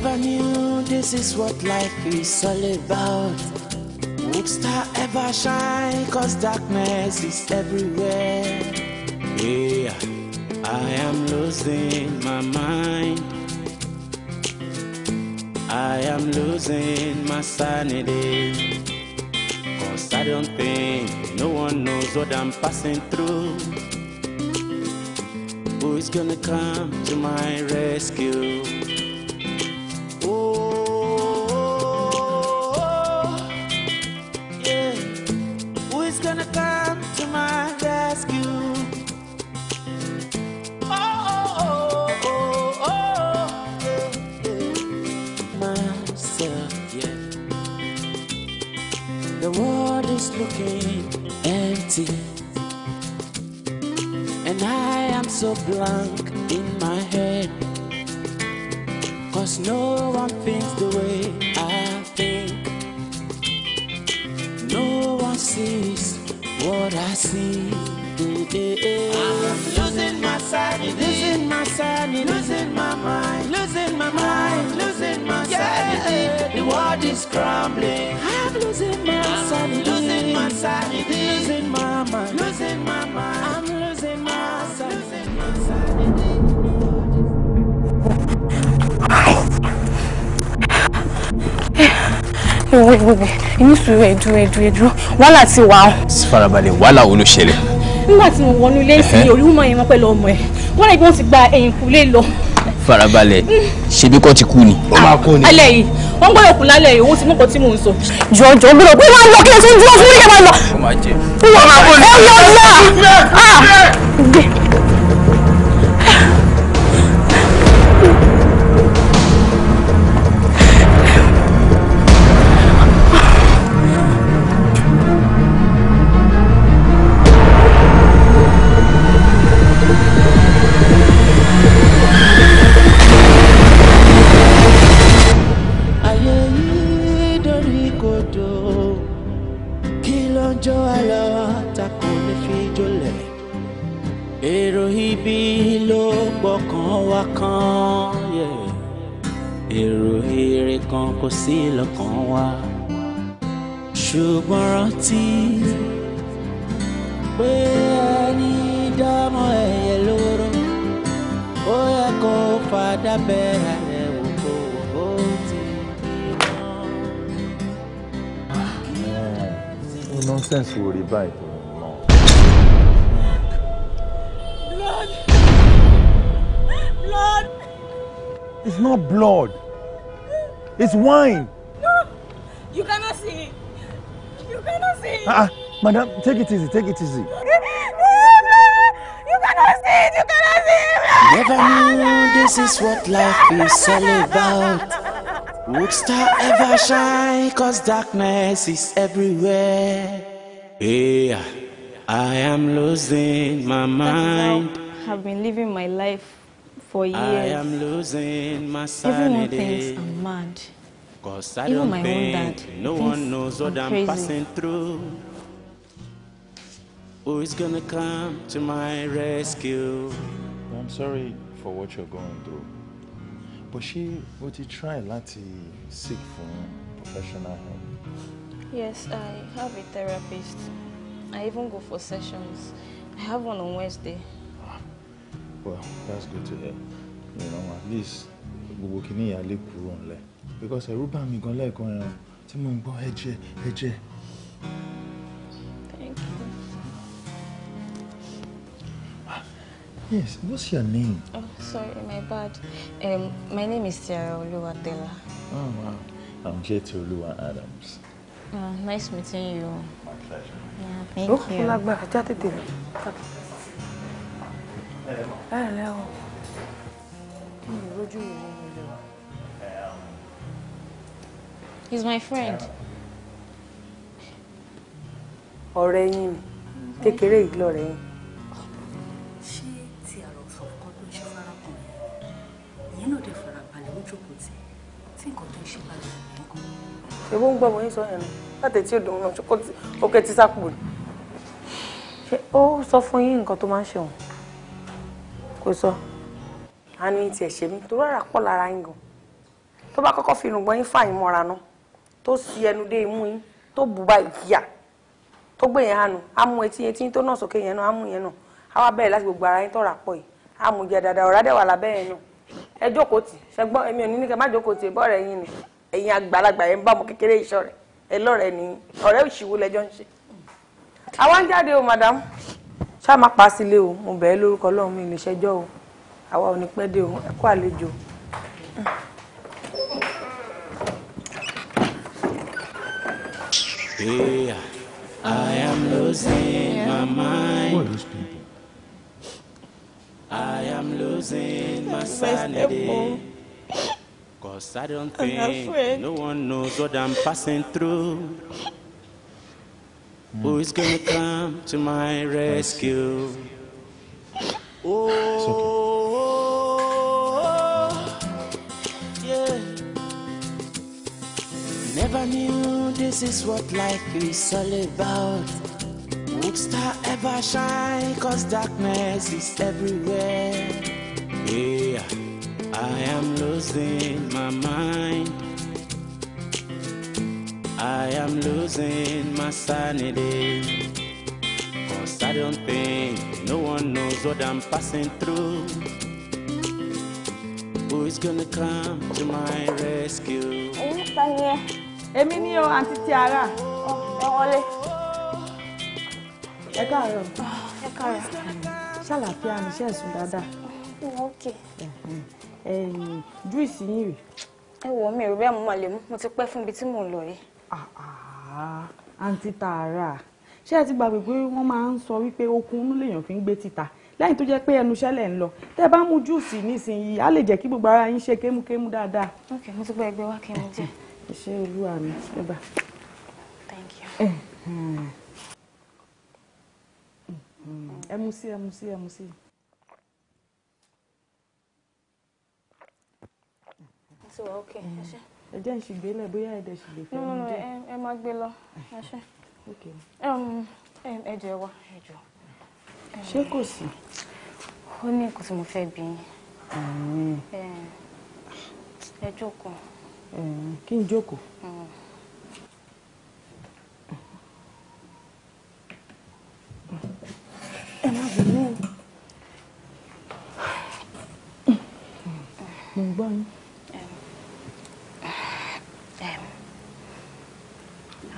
Never knew this is what life is all about. If star ever shine, cause darkness is everywhere. Yeah, I am losing my mind. I am losing my sanity. Cause I don't think no one knows what I'm passing through. Who is gonna come to my rescue? looking empty. And I am so blank in my head. Cause no one thinks the way ariwo bẹ̀ inú sùúrù ẹ̀dùn ẹ̀dùn ẹ̀dùn wàhálà ti wà ó. farabalẹ̀ wàhálà wo ló ṣẹlẹ̀. nígbà tí mo wọnú ilé ìsìn orí mọ̀ yẹn pẹ̀lú ọmọ ẹ̀ wọ́n rẹ̀ bí wọ́n ti gba ẹ̀yìn kúlé lọ. farabalẹ̀ mm. ṣebí kọ́ ti kú ni. ó máa kú ni. Ah, alẹ́ yìí wọ́n gbọ́dọ̀ kú lálẹ́ yìí owó ti mọ̀kọ́ tí mò ń sọ. jọjọ gbọ́dọ̀ pé wọ́n lọ kí ẹ tó ń dúró fún ilé wọn nonsense wo rí it's not blood it's wine. no you cannot see it you cannot see it. ah uh, madam take it easy take it easy. you cannot see it you cannot see it. never knew this is what life is all about. Would star ever shine? Cause darkness is everywhere. Yeah, I am losing my mind. I've been living my life for years. I am losing my sanity. Everyone thinks I'm mad. Cause I Even don't my think own dad. No one knows what I'm, I'm passing through. Who is gonna come to my rescue? I'm sorry for what you're going through. But she, would ti try láti seek for professional help. yes i have a therapist i even go for sessions i have one on wednesday. Ah, well that's good to hear you know at least gbogbo kìíní yà lè kúrò ńlẹ̀ because ẹ̀rù bà mí gan lẹ́ẹ̀kan ẹran tí mo ń gbọ́ ẹ̀jẹ̀ ẹ̀jẹ̀. Yes, what's your name? Oh, sorry, my bad. Um, my name is Tiara Oluwadela. Oh, wow. I'm Jetoluwa Adams. Uh, nice meeting you. My pleasure. Yeah, thank oh, you. Lagba, chat it in. Hello. He's my friend. Ọ̀rẹ́ take care, Kékeré ìyẹn náà dé farabalẹ̀ ó jókòó tì tí nǹkan tó ń ṣe bá lọ yẹn gan. èwo ń gbọ́ mo yín sọ yẹn nù láti tí òdòdó náà ṣokò tí ókè tí sápò ni. ṣé ó sọ fún yín nǹkan tó máa ń ṣe òun kò sọ á ní tiẹ̀ ṣe mí torí àrà pọ̀ lára yín gan tó bá kọ́kọ́ fi irùngbọ̀n yín fà yín mọ́ra náà tó si ẹnu dé imú yín tó bù bá ìyá tó gbé yẹn hànú á mú etí etí tó náà sókè yẹn náà á mú yẹn náà á wá bẹ̀rẹ̀ láti gbogbo ara yín tọ̀rà ẹ jókòó tì ṣẹgbọ́n èmi ò ní nìkan má jókòó tì bọ́ ọ̀rẹ́ yín ni ẹ̀yin àgbàlagbà yẹn ń bá ọmọ kékeré iṣọ́ rẹ̀ ẹ lọ́rẹ̀ẹ́ ni ọ̀rẹ́ òṣìwò lẹ́jọ́ ń ṣe. àwọn jáde o madam ṣá máa pa sílé o mo bẹ̀ẹ́ lórúkọ lọ́hùn mi ìlẹ̀ṣẹ́jọ́ o àwa ò ní pẹ́ dé o ẹ kú àlejò. I am losing my mind. I am losing my sanity. Oh. Cause I don't think no one knows what I'm passing through. Mm. Who is gonna come to my rescue? Oh, yeah. Never knew this is what life is all about star ever shine, cause darkness is everywhere. Yeah, I am losing my mind. I am losing my sanity. Cause I don't think no one knows what I'm passing through. Who is gonna come to my rescue? Emi, ni o àǹtí Tiara ọ̀wọ́lé ẹ káàárọ̀ ẹ káàárọ̀ ṣàlàfíà ní iṣẹ́ ẹ̀sùn dáadáa. ókè. júìsì yín rè. ẹ wò mí ìrora mo lè mú mo ti pẹ́ fún ibi tí mò ń lọ yìí. àǹtí tààrà ṣé ẹ ti gbàgbé pé wọ́n máa ń sọ wípé okun inú lèèyàn fi ń gbé títa lẹ́yìn tó jẹ́ pé ẹnu iṣẹ́ lẹ̀ ń lọ tẹ́ ẹ bá mu júùsì nísìnyìí á lè jẹ́ kí gbogbo ara yín ṣe kémúkémú dáadáa. ok mo ti gbọ́ ẹgbẹ́ wá kí n jẹ. ṣé olúwa mi ẹ bá. thank you é mm. mu é ẹ é sí ẹ ok sí. ẹ mm. jẹ́ ìṣìgbé lẹ̀ bóyá ẹ̀dẹ̀ ṣìgbé fẹ́ mi jẹ́. ẹ máa gbé lọ ẹ jẹ́ wa um, ẹ jọ. ṣé kò sí. ó ní nǹkan tí mo fẹ́ bí yín. Mm. ẹ jókòó. kí n jókòó. mo ń gbọ́ yín.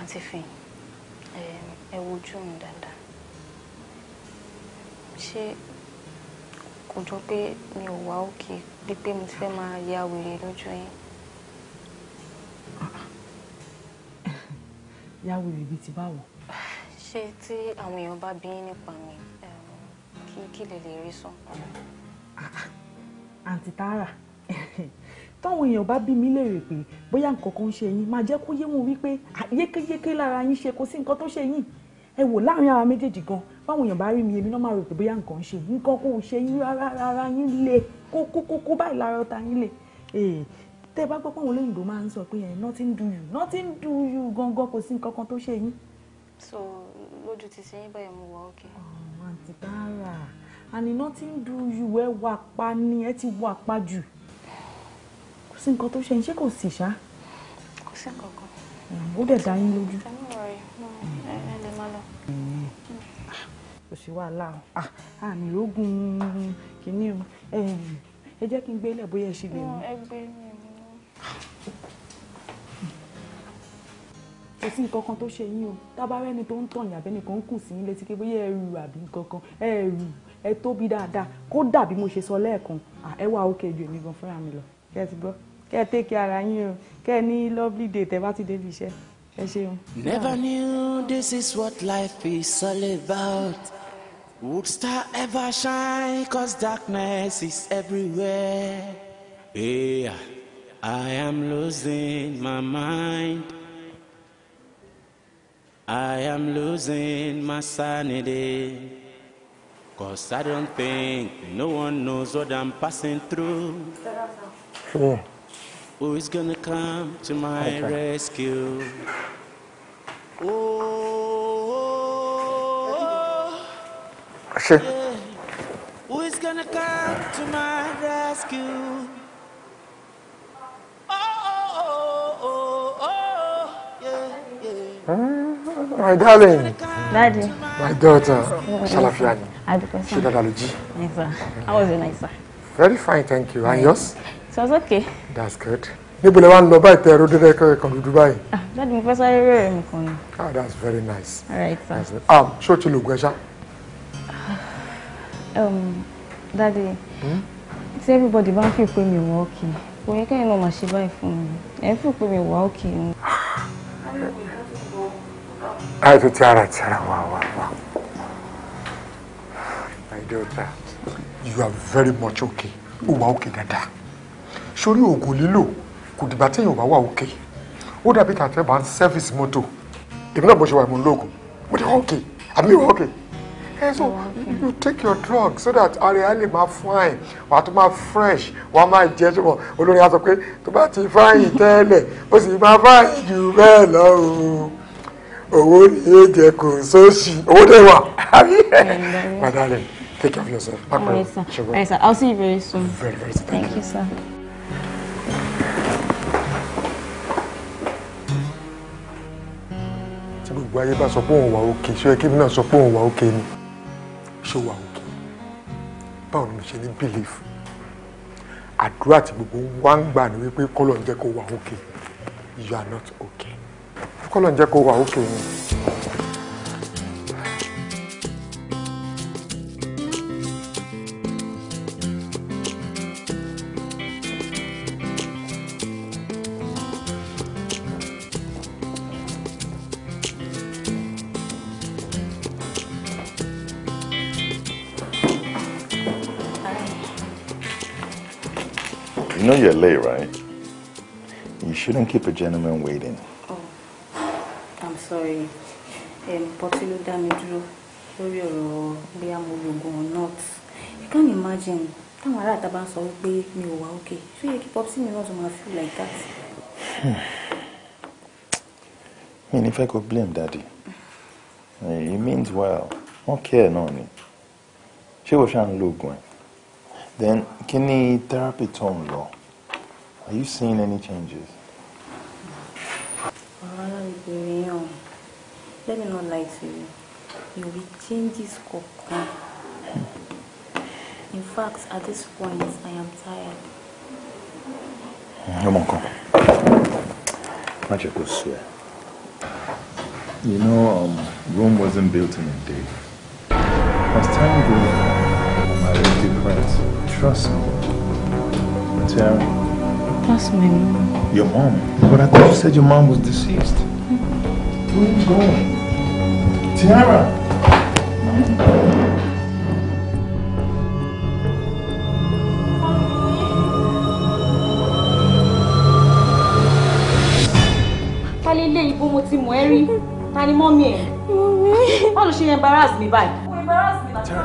àǹtí fìn ẹ wojú mi dáadáa ṣé kò jọ pé mi ò wá òkè bíi pé mo fẹ́ máa ya wèrè lójú yín. ya wèrè bíi ti báwo. ṣé tí àwọn èèyàn bá bí yín nípa mi kí kí lè lè rí sọ. àǹtí Tara. táwọn èèyàn bá bí mi léèrè pé bóyá nǹkan kan ń ṣe yín máa jẹ́ kó yé wọn wípé yékéyéké lára yín ṣe kó sí nǹkan tó ṣe yín ẹ wò láàrin ara méjèèjì gan báwọn èèyàn bá rí mi èmi náà máa rò pé bóyá nǹkan ń ṣe nǹkan kò ṣe yín rárá rárá yín le kókókókó báyìí lára ọ̀tá yín le tẹ́ bá gbọ́ pé àwọn máa ń sọ pé ẹ̀ nothing do you nothing do you gangan kò sí nǹkan kan tó ṣe yín. so lójú ti ṣe yín báyìí mo wà ókè. ọ̀hún àǹtí báárà àní nothing do you ẹ wà pa ni ẹ ti wà pa jù sí nǹkan tó ṣe ṣé kò sì ṣá. kò sí nǹkan kan. ó dẹ̀ dá yín lójú. kò sí wàhálà o àmì lógún kìíní o ẹ jẹ́ kí n gbélé bóyá ẹ ṣe lè mú. kò sí nǹkan kan tó ṣe yín o tábàárẹ́ ni tó ń tàn yàbẹ́ nìkan ń kù sí yín létí pé bóyá ẹ àbí nǹkan kan ẹ ẹ tóbi dáadáa kó dà bí mo ṣe sọ lẹ́ẹ̀kan ẹ wá òkè ju èmi gan fúnra mi lọ kẹ́ ẹ ti gbọ́ kẹ́ ẹ tẹ́kì ara yín o kẹ́ ẹ ní lovely day tẹ́ bá ti débi iṣẹ́ ẹ ṣeun. never knew this is what life is all about would star ever shine cause darkness is everywhere yeah, I am losing my mind. I am losing my sanity. Cause I don't think no one knows what I'm passing through. Sure. Who is gonna come to my okay. rescue? Oh, oh, oh oh, yeah. Who is gonna come to my rescue? Oh, oh, oh, oh, yeah, yeah. My darling. Daddy. My daughter. Shalafiani. She got allergy. Yes, sir. How was your night, sir? Very fine, thank you. And yours? so it's okay. that's good. níbo lè wá ń lọ báyìí tẹ ẹrọdẹ rẹ kẹrẹ kan dúdú báyìí. ah dáàdi mo fẹ́ sáré rẹ̀ mi ni. ah that's very nice. all right sir. That's ah ṣé o ti lògùn ẹ ṣá. Ah, um, dáàdi hmm? tí everybody bá ń fi pé mi wà òkè kò yẹ kẹ́yìn náà máa ṣe báyìí fún mi ẹ̀ ń fi pé mi wà òkè. àìtó ah, ti ara ti ara wà wà wà. my daughter you are very much okay. ó wà òkè dáadáa sórí oògùn lílò kò dìgbà téèyàn bá wà òkè ó dàbí tàtẹ́ bá ń sẹ́fíìsì mọ́tò èmi náà bó ṣe wà mú lóògùn mo dé òkè àbí wà ẹ so you take your drug so that ara ẹ lè máa fine wà á tún máa fresh wà á máa jẹ ṣùgbọ́n olórin á sọ pé tó bá ti fáyìn tẹ́lẹ̀ ó sì máa fáyìn jù bẹ́ẹ̀ lọ o owó ni yé jẹ kò sóòsì owó dẹ̀ wà. madam take care of yourself. All sir. All right, sir. I'll see you very soon. Very, very soon. Thank, Thank you, sir. gbogbo ayé bá sọ pé òun wà òkè ṣé kí mi náà sọ pé òun wà òkè ni ṣé wà òkè báwo ni mo ṣe ní belief àdúrà tí gbogbo wa ń gbà ní wípé kọ́lọ̀ ń jẹ́ kó wà òkè you are not okay kọ́lọ̀ ń jẹ́ kó wà òkè ni. You know you're late, right? You shouldn't keep a gentleman waiting. Oh, I'm sorry. Um, Pọ̀tí ló dá mi dúró lórí ọ̀rọ̀ bí a mo lo not. You can't imagine táwọn ará àtàbá ń sọ wípé mi ò wá òkè. Ṣé yẹ kí Pọ̀tí mi náà feel like that? I mean, if I could blame daddy. He means well. Wọ́n kí no náà ni. Ṣé o ṣáà ń lo Then kidney therapy tomlo. Are you seeing any changes? Let me not lie to you. You will change this In fact, at this point, I am tired. Come on, come. Not your good swear. You know, um, Rome wasn't built in a day. As time goes on, my relative friends Trust me. Tiara. That's my mom. Your mom? But I thought you said your mom was deceased. Where are you going? Tiara! Mm -hmm. ta lè lé ibo mo ti mọ̀ ẹ́ rí ta ni mọ́mí ẹ̀ wọ́n ló ṣe embarrass mi báyìí madam madam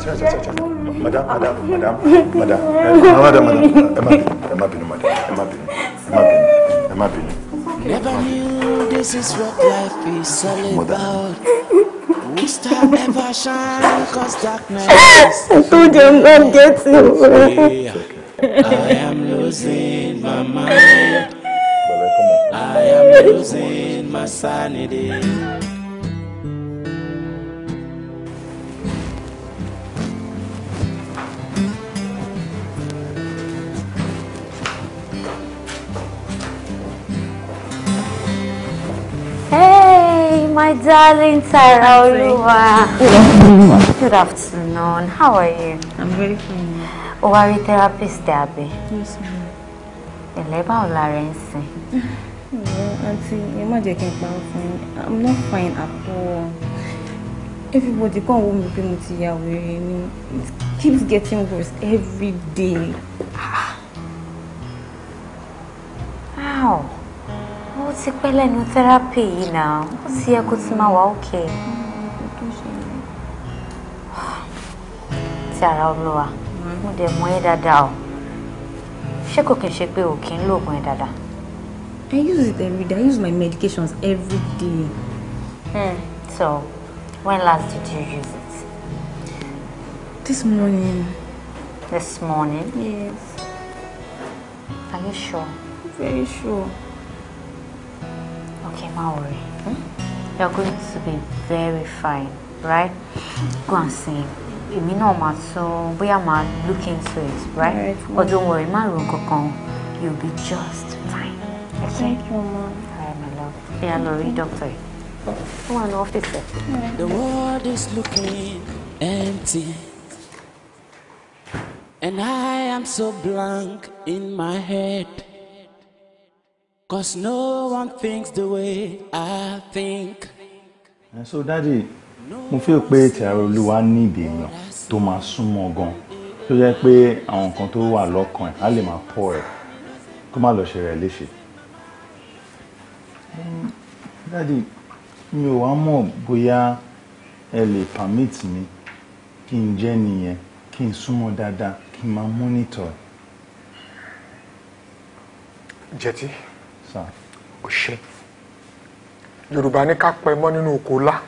madam madam madam ẹ má bínú madam ẹ má bínú I told you I'm not getting I am losing my mind. I am losing my sanity. my darling Tara Oluwa. Good afternoon. How are you? I'm very fine. O are you, therapist Debbie? Yes, ma'am. Ẹ̀lẹ́ báwo la rẹ̀ ń sìn? Àǹtí, I'm not fine at all. Everybody kàn wò mí pé mo It keeps getting worse every day. How? ti pẹ́ lẹ́nu tẹ́rápì yìí náà ó ti yẹ kó ti máa o ṣé kò kí n ṣe pé o kì í lo oògùn ẹ̀ dáadáa. I use it every day. I use my medications every day. Hmm. So, when last did you use it? This morning. This morning? Yes. Are you sure? Very sure. Okay, Maori. Hmm? You're going to be very fine, right? Go and see. Èmi náà so tún bóyá máa look into it, right? right But don't worry, má ro kankan. You'll be just fine. Okay? Thank you, Mom. Alright, my love. Yeah, Lori, doctor. Come on, office. Right. The world is looking empty. And I am so blank in my head. Cause no one thinks the way I think. so daddy, mo feel pé Tìàrà Olúwa ní ìdènà tó máa súnmọ́ gan. Tó jẹ́ pé àwọn nǹkan tó wà lọ́kàn ẹ̀ á lè máa pọ̀ ẹ̀ kó má lọ ṣe rẹ̀ mm, Daddy, mi ò wá mọ̀ bóyá ẹ lè permit mi kí n jẹ́ nìyẹn kí n súnmọ́ dáadáa kí n monitor. Jẹ́tí ọ̀ṣẹ́ yorùbá ní ká pẹ mọ́ nínú oko lá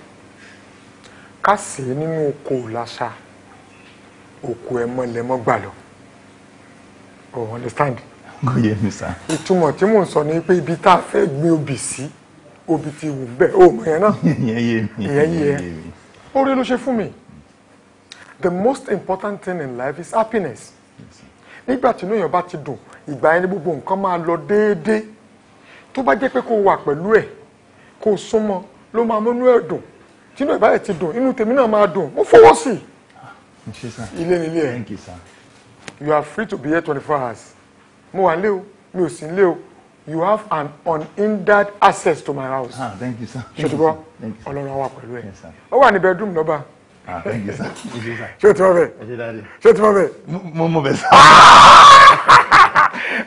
ká sì í nínú oko làṣà òkú ẹ mọ́lẹ̀ mọ́ gbà lọ oh understand. kò yé mi sá. ìtumọ̀ tí mò ń sọ ni pé ibi tá a fẹ́ gbin obì sí obì ti wù bẹ́ẹ̀ ó mọ̀ yẹn náà. ìyẹn yé mi ìyẹn yé mi. oore ló ṣe fún mi the most important thing in life is happiness nígbà tí inú èèyàn bá ti dùn ìgbà yẹn ni gbogbo nǹkan máa lọ déédéé tó bá jẹ́ pé kó wà pẹ̀lú ẹ̀ kó súnmọ́ ló máa múnú ẹ̀ dùn tínú ẹ̀ báyìí ti dùn inú tèmi náà máa dùn mo fọwọ́ sí i ah, ilé nílé ẹ̀ you are free to be here twenty four hours mo wà nílé o mi ò sí nílé o you have an unhindered access to my house ah, ṣètùbọ́ ọlọ́run á wà pẹ̀lú ẹ̀ ó wà ní bedroom lọ́ba ah, ṣé o ti mọ bẹ́ẹ̀ ṣé o ti mọ bẹ́ẹ̀. mo mọ bẹ́ẹ̀ sá.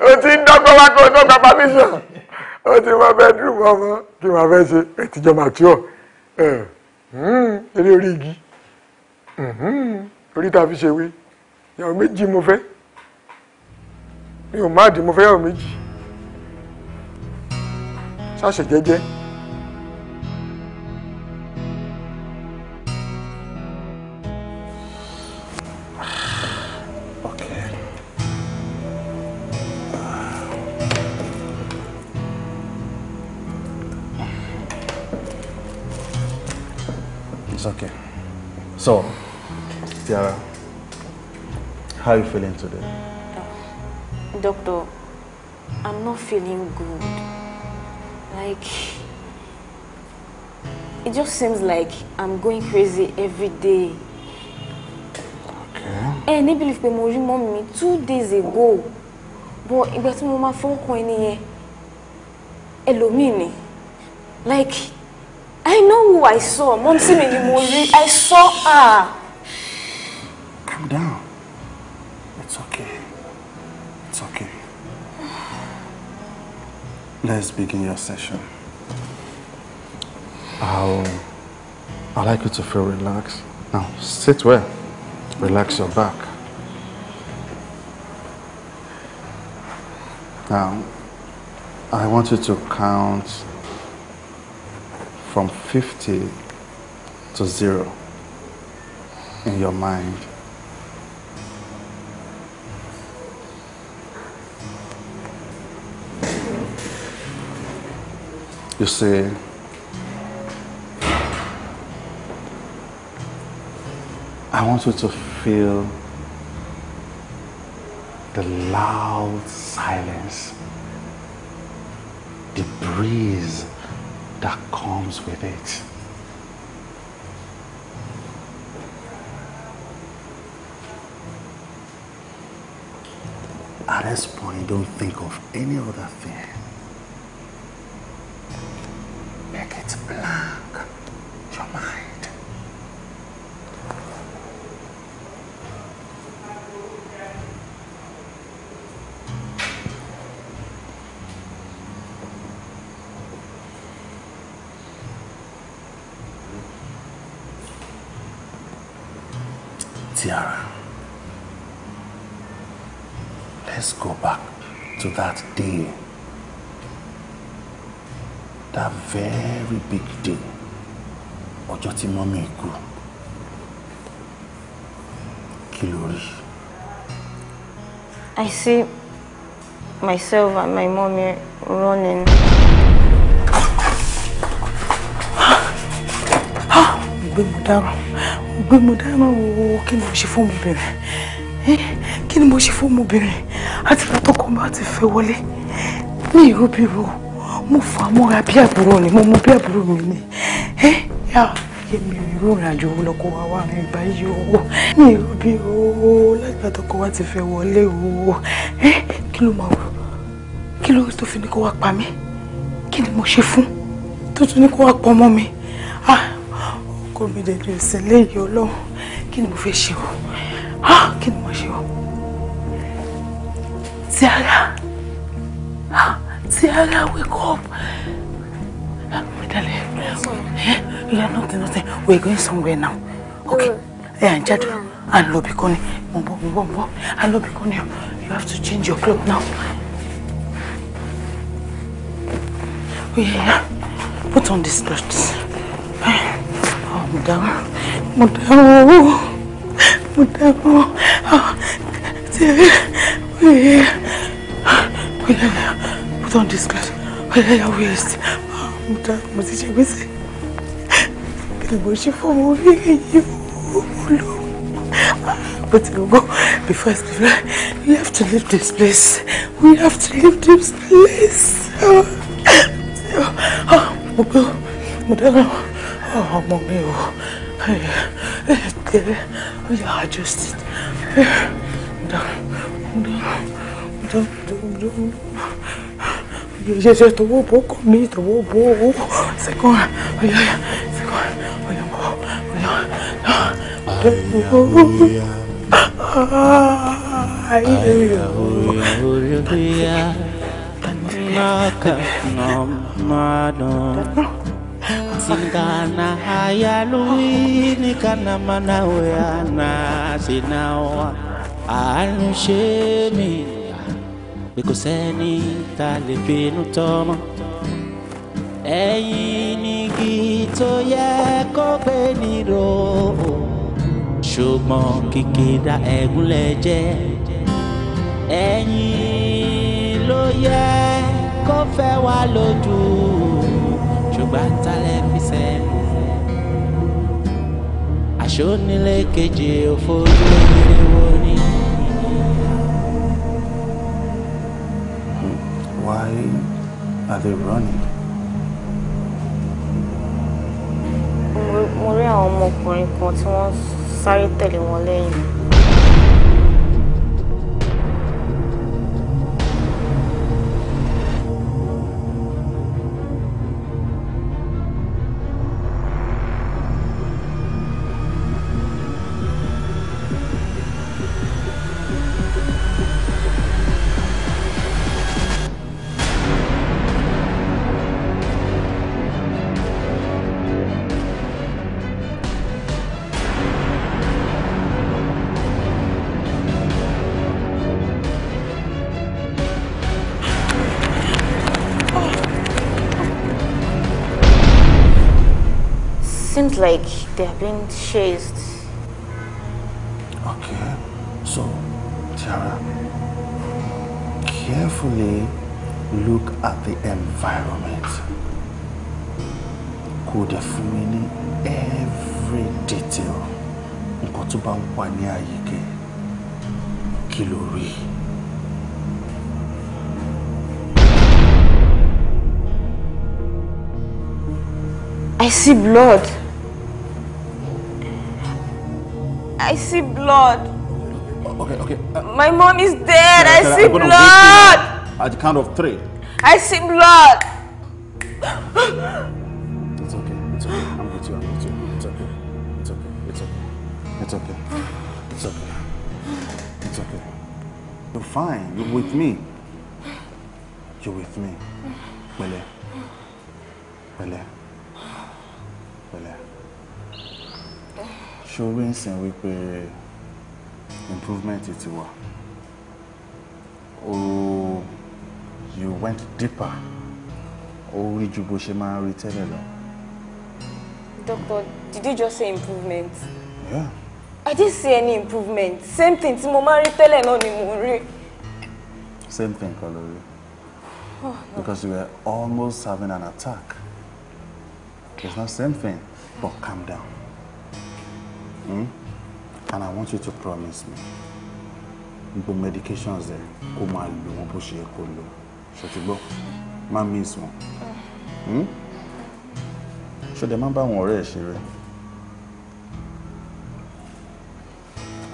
o ti ń dọ́gbọ́n wá kó o tó gba permission ó ti wá bedroom ọmọ kí wọ́n fẹ́ ṣe ètìjọ́ màtíọ̀ hmm, eré orí igi hmm, orí ta fi ṣe wé ìyàwó méjì mo fẹ́ mi ò má dì mo fẹ́ ìyàwó méjì ṣàṣẹ jẹ́jẹ́. okay. So, Tiara, how are you feeling today? doctor, I'm not feeling good. Like, it just seems like I'm going crazy every day. Okay. Ẹ eh, ní believe pé mo rí mọ́mì two days ago. But ìgbà tí to máa fọ́n kan ẹni yẹn, ẹlòmíì Like, I know who I saw. Momsi mi ni mo rí. I saw her. Calm down. It's okay. It's okay. Let's begin your session. I'll, I'd like you to feel relaxed. Now, sit well. Relax your back. Now, I want you to count from 50 to zero in your mind. You see, I want you to feel the loud silence, the breeze that comes with it. At this point, don't think of any other thing. myself and my mommy running. gbé mo dáràn gbé mo dáràn o kí ni mo ṣe fún ọmọbìnrin ni mo ṣe fún ọmọbìnrin àti látọkọ bá ti fẹ́ wọlé ní mo fà á mọ́ra ni mo mú bí mi ni èmi ìrú ìrìnàjò owó lọkọ wa wà ní ìgbà yìí o mi ìrú bí o láti látọkọ ti fẹ́ wọlé o kí ló máa wọ kí ló tó fi ní kó wá pa mí kí ni mo ṣe fún tó tún ní kó wá pa ọmọ mi ọkọ ah, mi dẹ̀ ní léyìí ọlọ́run kí ni mo fẹ́ ṣe o ah, kí ni mo ṣe o Tiara ah, Tiara wake up my darling eh, you are nothing nothing we going somewhere now okay ẹ eh, à ń jáde à ń lọ bí kan ni mo ń bọ̀ mo ń mo ń à ń lọ bí kan you have to change your cloth now. Put on these clothes. Oh, madam. Madam. Madam. Put on these clothes. Oya ya waist. Ah, madam, mo ti ṣe gbèsè. Kí ni mo ṣe fún ọmọ mi yìí? Olóhùn. Ah, but you go before it's before. We have to leave this place. We have to leave this place. Oh mo gbé mo dáná naka nomano Singana hayalui nikana manaweana sinawa anushemi bikuseni talipinu tomo ẹ̀yin nìgì tó yẹ kó gbé nírò ṣùgbọ́n kìkìdá ẹ̀gúnlẹ̀ jẹ́ fẹ́ wá lójú ṣùgbọ́n tálẹ̀ fi sẹ́nu. àṣọ nílé kejì òfojú ìrìnwó ni. Why are they running? mo rí àwọn ọmọkùnrin kan tí wọ́n sáré tẹ̀lé wọn lẹ́yìn. They are being chased. Okay. So, Tiara, carefully look at the environment. Could have fún every detail nǹkan tó bá ń I see blood. I see blood. Okay, okay. Uh, My mom is dead. I, see I'm blood. At the count of three. I see blood. It's okay. It's okay. I'm with you. I'm with you. It's okay. It's okay. It's okay. It's okay. It's okay. It's okay. You're fine. You're with me. You're with me. Pẹ̀lẹ́. Pẹ̀lẹ́. ṣorí ń wípé improvement ti wà o you went deeper ó rí ju bó ṣe máa rí tẹ́lẹ̀ lọ. Doctor, did you just say improvement? Yeah. I didn't see any improvement. Same thing tí mo máa ń rí tẹ́lẹ̀ náà ni mo rí. Same thing, Kalori. Oh, no. Because you were almost having an attack. It's not same thing, but calm down. Hmm? And I want you to promise me. Gbogbo medications there, kó máa lò wọ́n bó ṣe yẹ kó lò. Ṣètìgbọ́, má miss wọn. Hmm? Ṣọdẹ má bá àwọn ọ̀rẹ́ ẹ̀ ṣeré.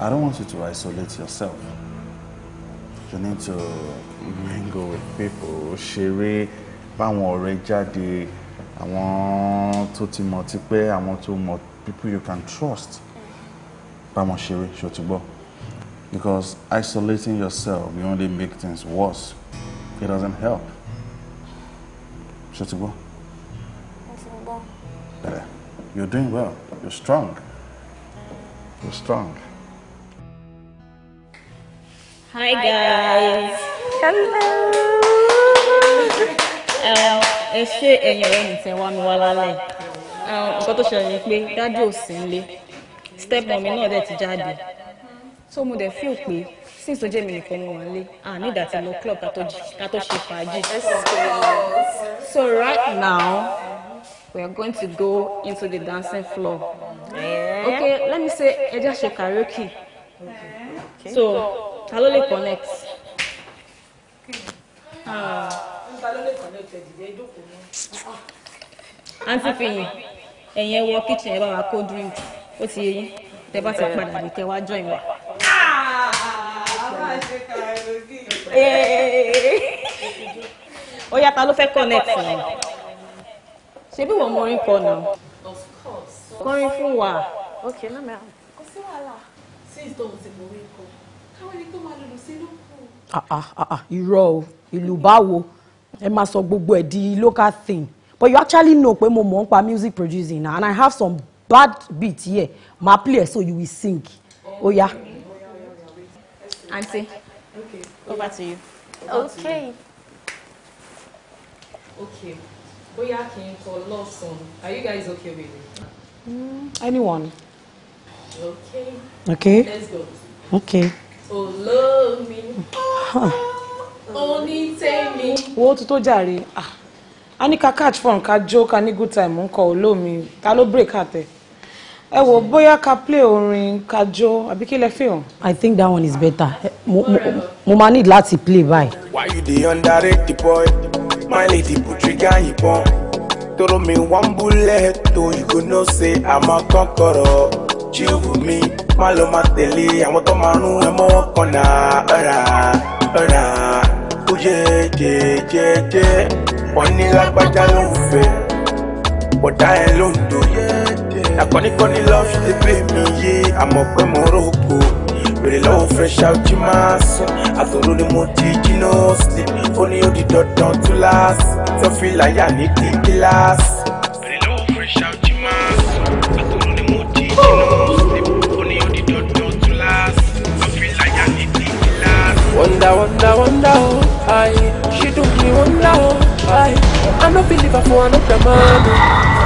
I don't want you to isolate yourself. You need to mingle with people, ṣeré, báwọn ọ̀rẹ́ jáde, àwọn tó ti mọ̀ tipẹ́, àwọn tó mọ̀ people you can trust bámọ̀ ṣeré ṣòtúbọ̀ because isolating yourself you only make things worse it doesn't help ṣòtúbọ̀. bẹ̀rẹ̀ you're doing well you're strong you're strong. Hi guys. Hello. Um, ẹ ṣé ẹ̀yin ọ̀rẹ́ mi tẹ́ wá mi wá lálẹ́. Um, nǹkan tó ṣẹlẹ̀ ni pé dájú ò sí nílé step mọ̀mí náà dẹ̀ ti jáde so mo dẹ̀ feel pé since tó jẹ́ mi nìkan mo wà ah ní ìdàtí lọ club ká ṣe fàájì so right now we are going to go into the dancing floor okay let me say ẹ jẹ́ ṣe karaoke so ta ló lè connect. Ah. aunty Fiyin ẹ̀yin ẹ wọ kitchen ẹ bá wa drink ó ti yé yín tẹ bá ti padà ní kẹ wá join wa. ó yàtọ̀ ló fẹ́ connect ni ṣé bí wọ́n mọrin kọ nà. kọrin fún wa. ok náà mẹ́rin. kò sí wàhálà sí ìtọ́hún ti mọrin kọ káwọn ẹni tó máa lòlù sínú kù. Ah, ah, ah, irọ́ o ìlú báwo ẹ máa sọ gbogbo ẹ̀ di local thing but you actually know pé mo mọ̀ ń pa music producing na and i have some bad beat here ma play so you will sing yeah. Auntie. okay. over to you. Over okay. To you. okay oya kì í call love song are you guys okay with it. Mm, anyone. okay. okay. let's go. okay. oh love me. oní tèmi. wo tó tó jàre ah. a ní ká catch phone ká joke. ká ní good time ń kọ me. ta ló break àtẹ ẹ wò bóyá ká play orin ká jó àbí kí lẹ fihàn. i think that one is better mo máa need láti play báyìí. why you dey underrate the boy my lady put trigger yìnbọn toro mi one bullet to you go know say i'm a kọ́kọ́rọ́ chill mi má lọ máa tẹ̀lé àwọn tó máa rún ẹ mọ́ kan náà ọ̀rà ọ̀rà ó jẹ́ jẹ́ jẹ́ jẹ́ wọ́n ní lágbájá ló ń fẹ́ bọ̀dá ẹ ló ń dòye akọ́nikọ́ni love ṣe pé mi yé àmọ́ pé mo rògbò bèrè lọ́wọ́ fresh out jí máa sùn àtòrò ni mo ti jí no sleep ó ní ó di dandan tó láàsì tó fi láyà ní ti kíláàsì. bèrè lọ́wọ́ fresh out jí máa sùn àtòrò ni mo ti jí no sleep ó ní ó di dandan tó láàsì tó fi láyà ní ti kíláàsì. wonder wonder wonder o oh, ayi she do me wonder o oh, ayi i no fit live for another man o.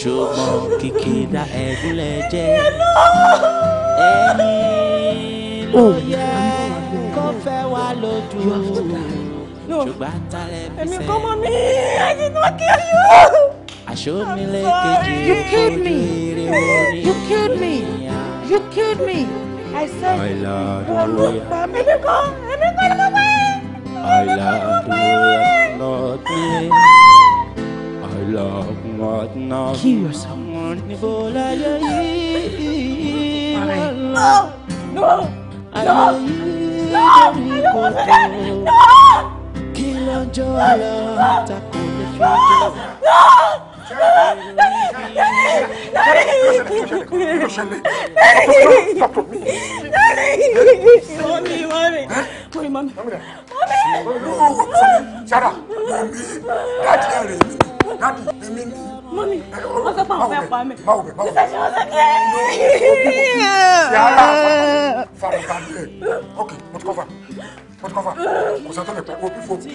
ṣùgbọ́n kìkìdá ẹ̀gúnlẹ̀ jẹ́ ẹni ló yẹ kó fẹ́ wá lójú ṣùgbọ́n talẹ̀ bí sẹ́yìn. èmi kọ́ mọ́ mi I did not kill you. àṣọmílẹ̀ kejì ojú eré orí you killed me you killed me I said wọ́n ló pa mí kọ́ èmi kọ́ ló pa yẹn. I love you, Lord. I love Kill yourself. No! No! No! No! No! Kí lọ́jọ́ lọ takò lè fi ọjọ́. Mami, mami. Mami, mami. Mami. Shut up. Mami. Daddy, daddy. Daddy mi ni. mọ́mí wọ́n sọ pé àwọn fẹ́ pa mí. báwo bẹ báwo bẹ. sísè ṣe wọ́n sọ pé. yàrá fara balẹ̀ ok mo ti kọ́ fà mo ti kọ́ fà kò sọ tó lè pẹ́ òbí fò òbí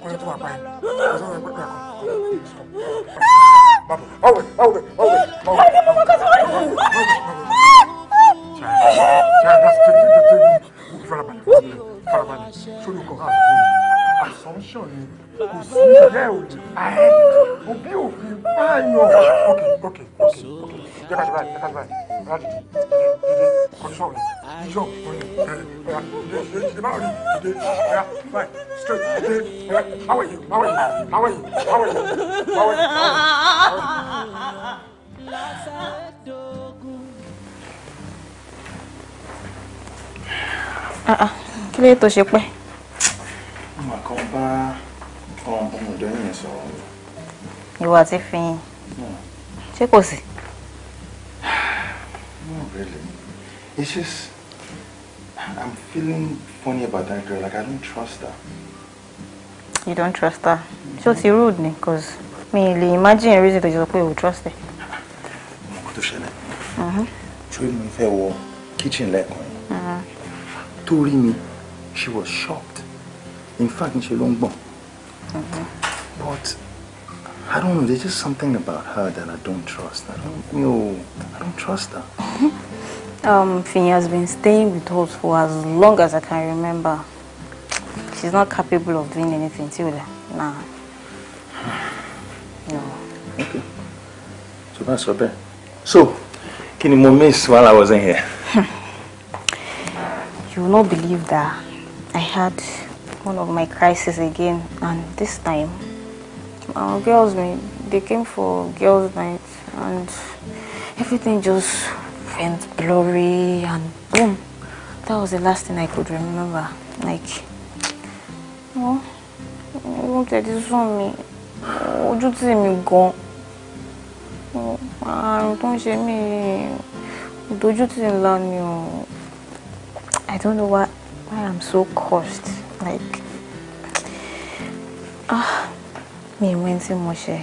kò sọ tó wà pa yẹn kò sọ tó lè pẹ́ pẹ́ kọ́. báwo bẹ báwo bẹ báwo bẹ báwo bẹ. ọ̀rẹ́ mi kò sọ wọ́n farabalẹ̀ farabalẹ̀ sórí ọkọ̀ àbúrò assumption ni kò sí ọ̀rẹ́ òdì ààrẹ òbí òfin báyọ̀ ok ok ok ok jẹ́ ká ṣe báyìí jẹ́ ká ṣe báyìí ráàdì dídé dídé kọ́ńtíṣọ̀ rẹ̀ yíyọ̀ ọ̀rẹ́ ọ̀rẹ́ dídé dídé báwo rí dídé ọ̀rẹ́ báyìí straight dídé ọ̀rẹ́ máwọ̀ yìí máwọ̀ yìí máwọ̀ yìí máwọ̀ yìí máwọ̀ yìí máwọ̀ yìí. kí ló yẹ tó ṣe pẹ́. màkàn bá ọmọdé yẹn sọ̀rọ̀ mi. ìwà ti fi yín hmm. ṣé kò sí. Not really. It's just I'm feeling funny about that girl. Like I don't trust her. You don't trust her? Ṣó ti rude ni? Cause mi lè imagine reason tó jẹ́ pé o trust her. Mo kò tó ṣẹlẹ̀. Mm-hmm. Ṣé mi fẹ́ wọ kitchen lẹ́ẹ̀kan yẹn? Mm-hmm. Tó rí mi, she was shocked. In fact, níṣe ló ń gbọ̀n. But I don't know, there's just something about her that I don't trust. I don't know, I don't trust her. um, Finny has been staying with us for as long as I can remember. She's not capable of doing anything to her. Nah. No. Okay. So that's so bad. So, can you miss while I wasn't here? you will not believe that I had one of my crises again and this time girls me they came for girls night and everything just went blurry and boom that was the last thing I could remember like oh I wanted this from me ojú tì mí gan àrùn tó ń I don't know what I am so cursed like ah mi ì wẹ́n tí mo ṣe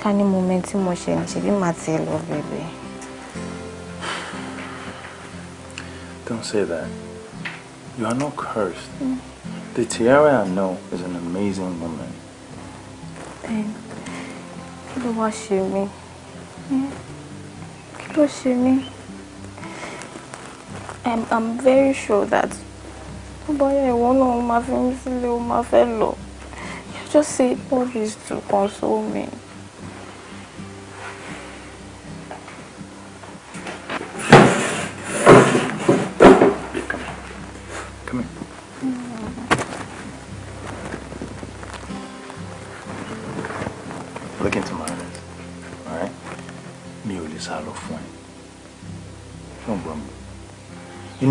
ká ní mo mẹ́ tí mo ṣe Don't say that. You are not cursed. Mm. The Tiara I know is an amazing woman. Ben, kí ló wá ṣe mí? Kí me. I'm, I'm very sure that bóyá ìwọ náà máa fi mí sílẹ̀ ó máa You just say all this to console me.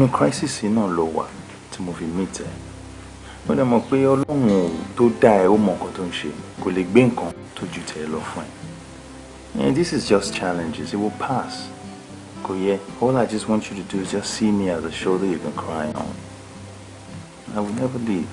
inú crisis náà ló wà tí mo fi meet ẹ mo dẹ̀ mọ̀ pé ọlọ́run tó dá ẹ ó mọ nǹkan tó ń ṣe kò lè gbé nǹkan tó ju tẹ̀ lọ fún ẹ and this is just challenges it will pass kò yẹ all I just want you to do is just see me as a shoulder you can cry on I will never leave.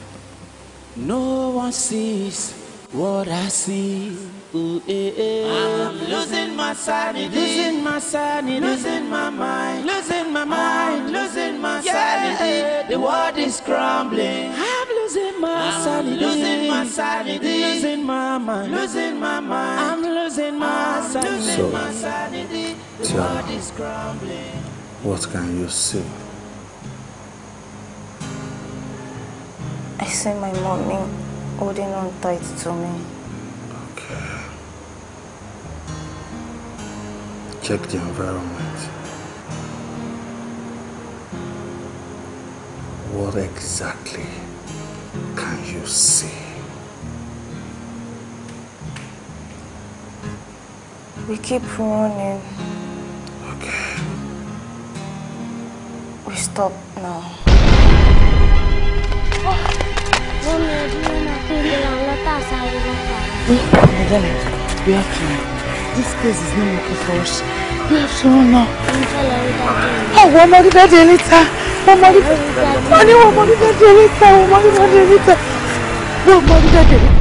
No one sees what I see. Ooh, eh, eh. I'm losing my sanity, losing my sanity, losing my mind. Losing losing my mind, I'm losing my sanity. The world is crumbling. I'm losing my I'm sanity, losing my sanity, losing my mind, losing my mind. I'm losing my I'm sanity, losing so, my sanity. The world is crumbling. What can you see? I see my mommy holding on tight to me. Okay. Check the environment. What exactly can you see? We keep running. Okay. We stop now. Oh I don't know if you can let us out. Madame, we have to This place is not working for us. We have to run now. Oh, wo ọmọ orí bẹ́ẹ̀ di ẹni ọmọ nípa ọmọ nípa jẹ níta ọmọ nípa jẹ níta ọmọ nípa jẹ níta.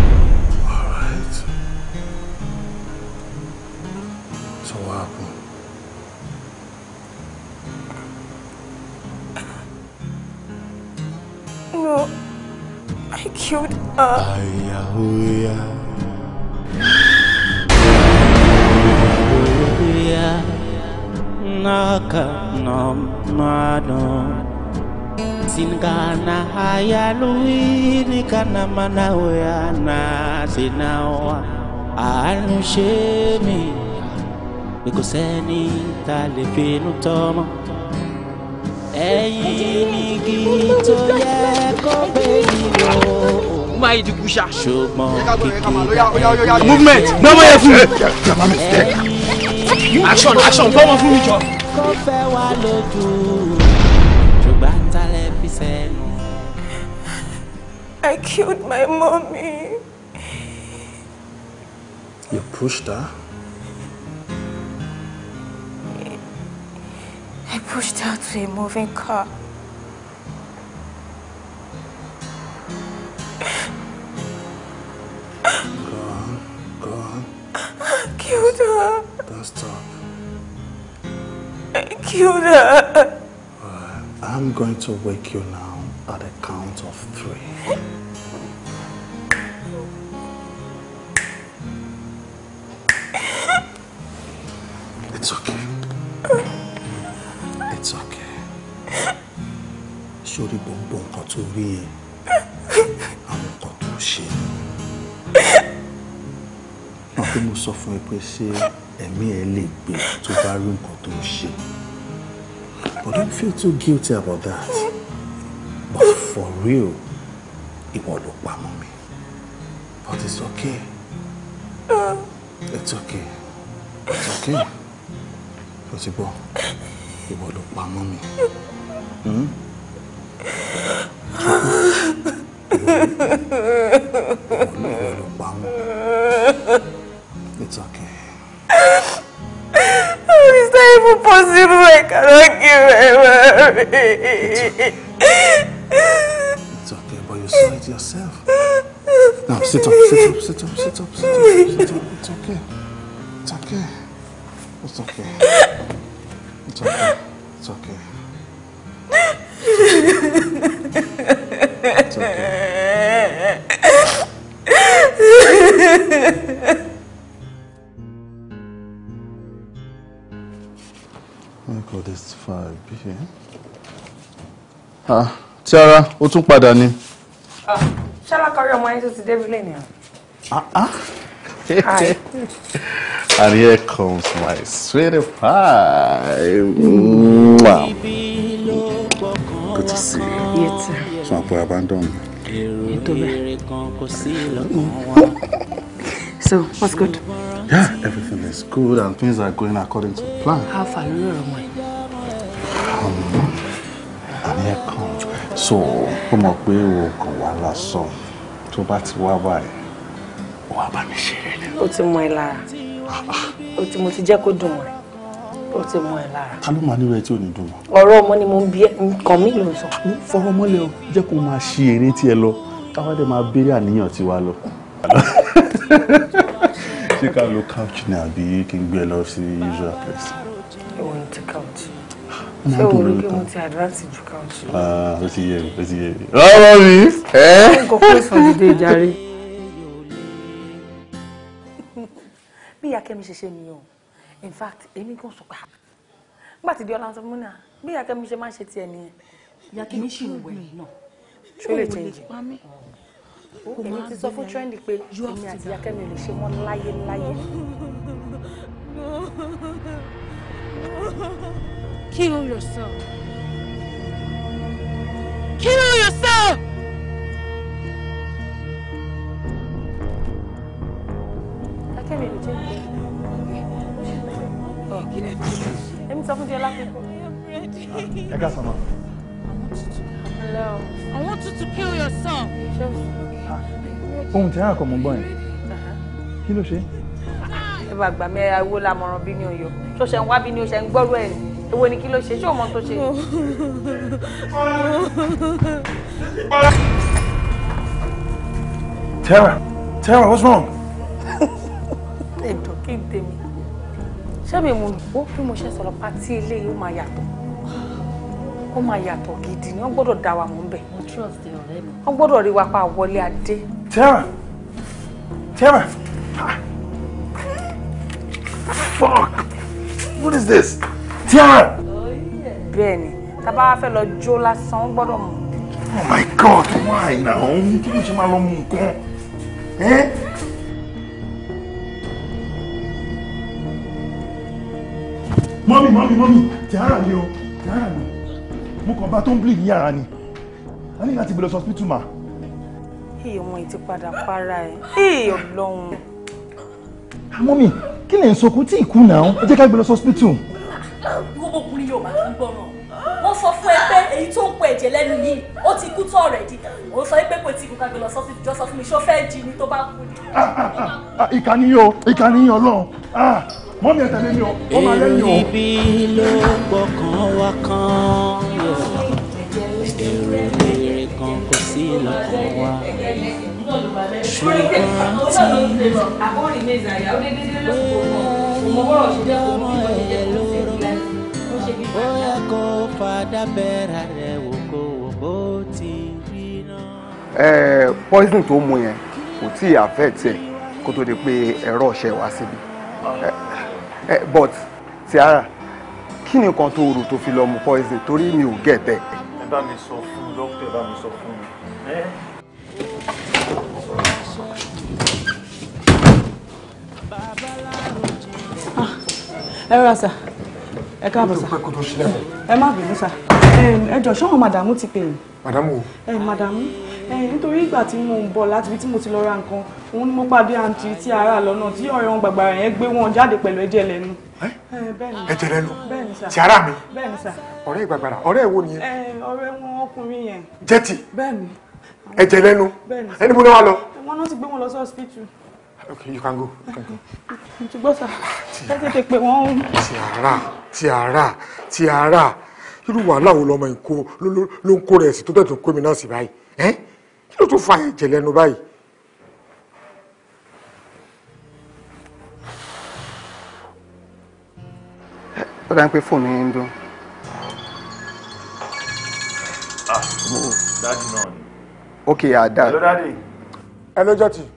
manaoyana zinaoa anushemi ni kò sẹ́ni tá a yẹ kó bẹ́ẹ̀ni lò. Má yìí di kúṣà. Ṣùgbọ́n kìkì. Movement No wọ́n yẹ fún mi. Action action tọ́mọ fún mi jọ. Kó fẹ́ wá lójú. I killed my mommy. You pushed her? I pushed her to a moving car. Go on, go on. I killed her. Don't stop. I killed her. I'm going to wake you now. at the count of three. It's okay. It's okay. Sórí gbogbo nǹkan tó rí yẹn, àwọn nǹkan tó ṣe. Wọ́n pé mo sọ fún ẹ pé ṣé ẹ̀mí ẹ lè gbé tó bá rí nǹkan tó ṣe. But don't feel too guilty about that for real ìwọ ló pa mọ́ mi but it's okay it's okay it's okay o ti gbọ́ ìwọ ló pa mọ́ mi. Hmm? Ìwọ ló pa mọ́ it's okay. How is that even possible? I cannot give baby yourself. Now sit up, sit up, sit up, sit up, sit up, sit up. It's okay. It's okay. It's okay. It's okay. It's okay. It's okay. Let me this five here. Ah, Tiara, ó tún padà ni. Ah, shall I ṣálákọrí ọmọ yín tó ti débílẹ̀ ni. And here comes my sweetie pie. Mwah. Good to see you. You too. So I'm for abandon. You too. So, what's good? Yeah, everything is good and things are going according to plan. How far are you away? Um, and here comes so ó mọ̀ pé o kàn wá lásán tó bá ti wá báyìí wà bá mi ṣeré ni. ó ti mọ ẹ lára ó ti mo ti jẹ́ kó dùn mọ́ ẹ ó ti mọ ẹ lára. ká ló máa níwèé tí ò ní dùn mọ́. ọ̀rọ̀ ọmọ ni mo ń bí nǹkan mi ló sọ. fọwọ́ mọ́lẹ̀ o jẹ́ kó máa ṣe eré tiẹ̀ lọ káwá dẹ̀ máa béèrè àníyàn tiwa lọ. ṣé ká lo couch ni àbí kí n gbé lọ sí usual place. ìwọ̀n ti couch ṣé ah, o rí kí mo ti advance ju ká o ti yé mi ó ti yé mi rárá mi. nǹkan in fact èmi kò sọ pa ah, nígbà tí diola sọ múnà bí ìyá kẹ́mi ṣe máa ń ṣe tiẹ̀ nìyẹn. ìyá kẹ́mi ṣì ń wẹ̀ náà. ṣó lè change èmi ti sọ fún trendy pé èmi àti ìyá kẹ́mi lè ṣe mọ́ láyé láyé. Kill yourself. Kill yourself! I came oh, Èmi sọ fún Diola Kiko. Ah, ẹ ká sọ̀rọ̀. Hello. I want you to kill yourself. Ah, ohun tí a kọ̀ mọ́ gbọ́n yẹn. Kí ló ṣe? Ẹ bá gbà me ẹ̀yà wo la mọ̀ràn bí ní Ọ̀yọ́. Ṣọ̀ṣẹ̀ ń wá bí ní oṣẹ̀ ń gbọ́rú ẹ̀ ni èwo ni kí ló ṣe ṣé o mọ tó ṣe. Tara Tara what's wrong. ẹ̀dùn kí n tèmi ṣé mi mo gbọ́ bí mo ṣe sọ̀rọ̀ pátí eléyìí ó máa yàtọ̀ ó máa yàtọ̀ gidi ni wọ́n gbọ́dọ̀ dá wa mọ́ bẹ́ẹ̀. mo trust ẹ ọ̀rẹ́ mi. wọ́n gbọ́dọ̀ rí wa pa wọlé adé. Tara Tara fuck what is this. Christian. bẹ́ẹ̀ni tábà fẹ́ lọ jó lásán ó gbọ́dọ̀ mú. oh my god why now òun kí ló ṣe máa lọ mú nǹkan. mọ́mí mọ́mí mọ́mí Tiara ni o Tiara ni mo kàn bá tó ń bleed ní yàrá ni a ní láti gbé lọ sọ́spítù mà. èyí wọn ti padà para ẹ èyí ọlọ́run. Ah, mọ́mí kí lè ń sọkún tí ì kú náà ẹ jẹ́ ká gbé lọ gbogbo ọkùnrin yóò máa ń gbọ́ràn wọ́n sọ fún ẹ pé èyí tó ń pọ ẹ̀jẹ̀ lẹ́nu yìí ó ti kú tọ̀ rẹ̀ di òun sọ pé kò tí kò kàgbé lọ sọ́sì jọ sọ fún mi ṣó fẹ́ jí ni tó bá kú ni. ìkànnìyàn ìkànnìyàn ọlọ́run mọ́mí ẹ̀ tẹ̀lé mi o ó máa lẹ́yìn o. ibi ló gbọ́kàn wá kan èrò rere kan kò sí lọ́kàn wá ṣùgbọ́n tí mo mọ ẹ lọ ó yẹ kó fàdá rẹ̀ wò kó wò bó ti rí náà. poison tó mu yẹn kò tí ì affect ẹ kó tó di pé ẹ̀rọ ọ̀ṣẹ́ wá síbi but Tiara kí ni nǹkan tó rò tó fi lọ mu poison torí mi ò gẹ̀ bẹ́ẹ̀. ẹ bá mi sọ fún dókítà ẹ bá mi sọ fún mi. ẹ ah, rọra sà ẹ káàbọ̀ sá ẹ má bínú sá ẹ jọ ṣọ́wọ́n màdàmú ti pè yín. màdàmú o. ẹ màdàmú nítorí ìgbà tí mo ń bọ̀ láti ibi tí mo ti lọ ra nǹkan òun ni mo pàdé àǹtí tí ara lọ́nà tí ọ̀rẹ́ wọn gbàgbà yẹn gbé wọn jáde pẹ̀lú ẹ̀jẹ̀ lẹ́nu. ẹ̀jẹ̀ lẹ́nu ti ara mi ọ̀rẹ́ ìgbàgbàrà ọ̀rẹ́ ìwo nìyẹn. ọ̀rẹ́ wọn ọkùnrin yẹn. jẹ́tì ẹ̀jẹ̀ lẹ́nu ẹni bó ló wà lọ. wọn náà ti gbé wọn lọ sí ọsibítù. Okay, you can go. You can go. Ǹjúgbọ́ sà, ẹ tètè pè wọ́n. Tiara, Tiara, Tiara, irú wàhálà wo lọmọ ìkó ló ń kó rẹ̀ sí tó tẹ̀ tó ń kó mi náà sí báyìí? Ẹ́ kí ló tún fa ẹ̀jẹ̀ lẹ́nu báyìí? Ó dáa pé fóònù yẹn ń dún. Ah, oh, dáàdì náà ni. Okay, àdá. Hello, Daddy. Hello, Jọ́tì.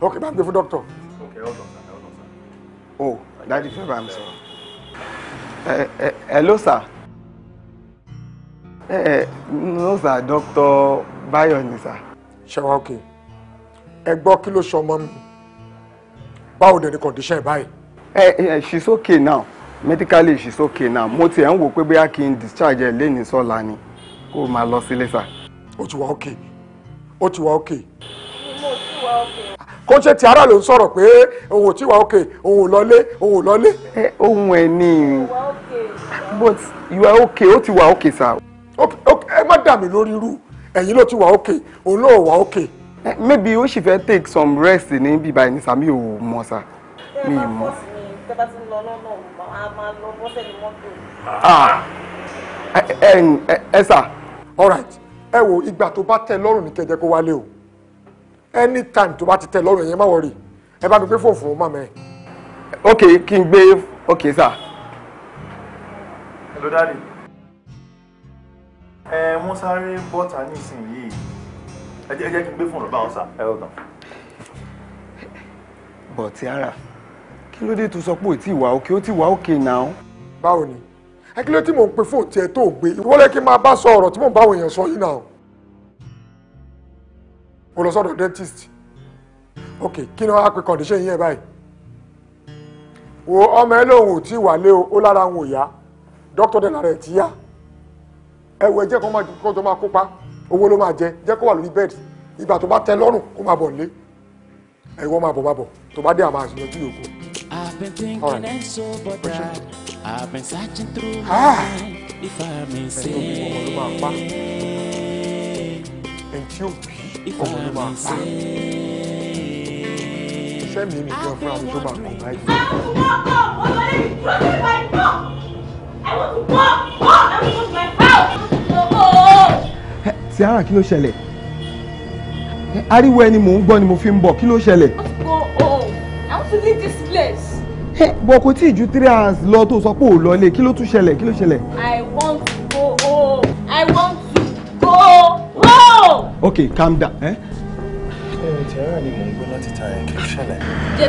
Okay, bá ń gbé fún dókítà. hold on sir hold on sir. oh dadi fẹ́ bá mi sọ̀rọ̀. ẹ ẹ hello sir. ẹ no sir dókítà Báyọ̀ ni sir. ṣẹwa ok ẹ Kilo kí ló ṣọmọ mi condition bye? Eh, she's okay now medically she's okay now Moti, I'm going to be bóyá kí discharge ẹ̀ lẹ́ni sọ́la ni kó my lossy, sílé sà. ó ti okay ó ti wá okay. mo ti wá okay. kó ti ara ló ń sọ̀rọ̀ pé òun ò tí wà òkè òun ò lọlé òun ò lọlé. ẹ ohun ẹ ní but you ti wà òkè sá. ẹ má dà mí lórí irú ẹ̀yin ló ti wà òkè òun ló wà òkè. maybe ó sì fẹ́ take some rest ní bíbá ẹni sá ò mọ̀ sá mi ò mọ̀. Ah. ẹ ẹ ẹ sá. all right ẹ wo ìgbà tó bá o. anytime tó bá ti tẹ̀ lọ́rùn yẹn má wọrí ẹ bá mi pé fóònù fún màmá ẹ. ok kí n gbé ok sir. hello daddy. ẹ wọ́n sáré bọ́ta nísìnyìí ẹ jẹ́ kí n gbé fóònù bá wọn sà. ẹ ọ̀tàn. bọ̀ tí ara kí ló dé tó sọ pé ó ti wà òkè ó ti wà òkè náà. báwo ni ẹ kí ló tí mò ń pe fóònù tiẹ̀ tó gbé ìwọlé kí n máa bá sọ ọ̀rọ̀ tí mò ń bá àwọn sọ yìí náà o lọ sọ́dọ̀ dentist ok kí ni wọ́n á pe condition yẹn báyìí wo ọmọ ẹ lòun ò tí ì wálé o ó lára òun ò yá dókítà dẹ̀ lára ti yá ẹ ẹ jẹ́ kó tó máa kópa owó ló máa jẹ jẹ́ kó wà lórí bẹ́ẹ̀dì ìgbà tó bá tẹ́ lọ́rùn kó máa bọ̀ nílé ẹ̀wọ́ máa bọ̀ máa bọ̀ tó bá dé àmà àṣeyọjú yòókù. I've been thinking and so bothered. I've been searching through ah! my mind if I may say. Ẹni tí ó bí ikọ̀ wọn ló máa pa iṣẹ́ mi mi gan fún àwọn tó máa kàn báyìí. ti ara kí ló ṣẹlẹ̀ ariwo ẹni mò ń gbọ́ ni mo fi ń bọ̀ kí ló ṣẹlẹ̀. I want to leave this place. bọ̀ kò tí ì ju three hours lọ tó sọ pé ò lọ ilé kí ló tún ṣẹlẹ̀ kí ló ṣẹlẹ̀. I want okay calm down. Eh? tẹ̀rán ni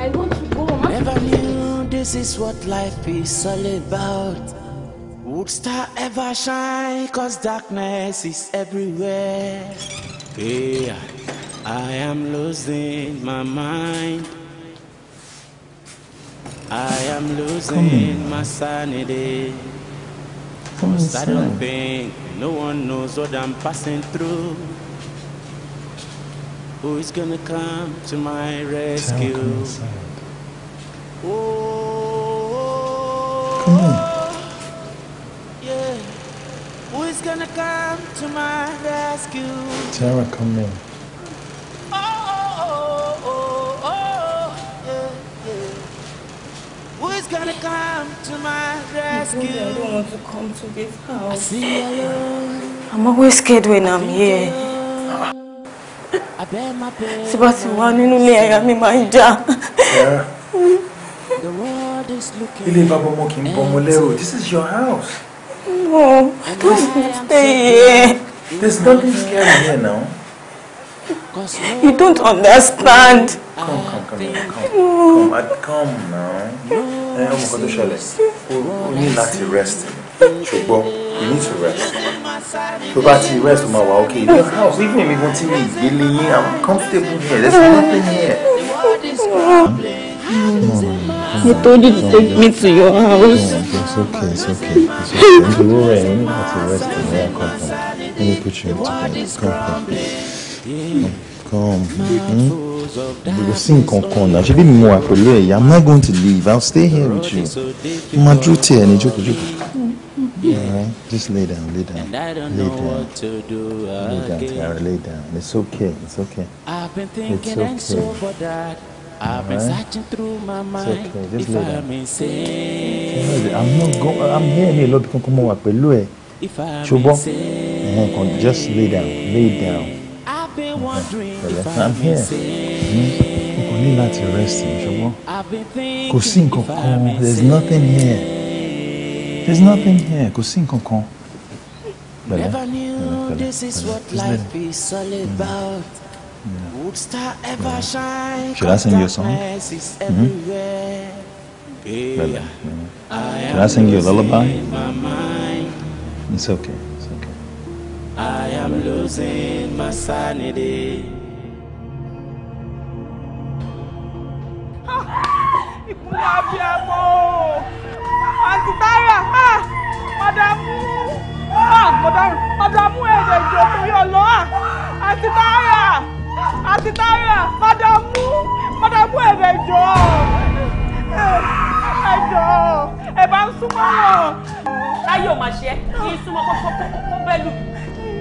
I want to go home. I want to go home. Never knew this is what life is all about. Would star ever shine? Cause darkness is everywhere. Yeah, I am losing my mind. I am losing my sanity. Cause I don't think no one knows what I'm passing through. Who is gonna come to my rescue? oh, come on. Yeah. Who is gonna come to my rescue? Tara, come in. gonna come to my rescue. I don't want to come to this house. I'm always scared when I'm here. Tí bá ti wá nínú ilé ẹ̀yà mi máa ń já. Ilé bàbá ọmọ kì í bọ ọmọ lẹ́rù. This is your house. No, don't stay here. There's nothing scary here now. You don't understand. Come, come, come, come, come, come, come now ẹ eh, ọmọ kan tó ṣẹlẹ̀ o ní láti rest ṣùgbọ́n you need to rest tó bá ti rest máa wà okay ní house even mi gan want to be yín i'm comfortable here there's nothing here. You told you to take me to your house. No, it's okay, it's okay. It's okay. The room rain, you need to rest in the air comfort. Let me put you into bed. Comfort. Mm come. Mm? We will sing kankan now. Ṣé bí mo wà I'm not going to leave. I'll stay here with you. Mo máa dúró tiẹ̀ ní jókòó jókòó. Just lay down, lay down. Lay down. Lay down, Tara, lay down. It's okay, it's okay. I've been thinking okay. and so for that. I've been searching through my mind. It's okay, just lay down. I'm not going, I'm here ní ìlọ́bì kankan mo wà pẹ̀lú ẹ̀. Ṣùgbọ́n, just lay down, lay down. Ẹ̀rẹ́ I'm here. O ní láti rest mi ṣùgbọ́n kò sí nǹkan kan there's nothing here there's nothing here kò sí nǹkan kan. Pẹ̀lẹ́ pẹ̀lẹ́ pẹ̀lẹ́ pẹ̀lẹ́. Would Should I sing you a song? Mm-hmm. Should I sing you a lullaby? It's okay. I am losing my sanity. Ìkúnlẹ̀ abiyamọ àti táyà madamu ah, madamu ah, ẹ̀rẹ̀ ìjọba yọ̀lọ́ ah, àti táyà àti táyà madamu madamu ẹ̀rẹ̀ ìjọ ẹ̀jọ̀ ẹ̀ bá ń súnmọ́ wọn. táyọ̀ máa ṣe é kí n súnmọ́ kó bẹ́ẹ̀ lù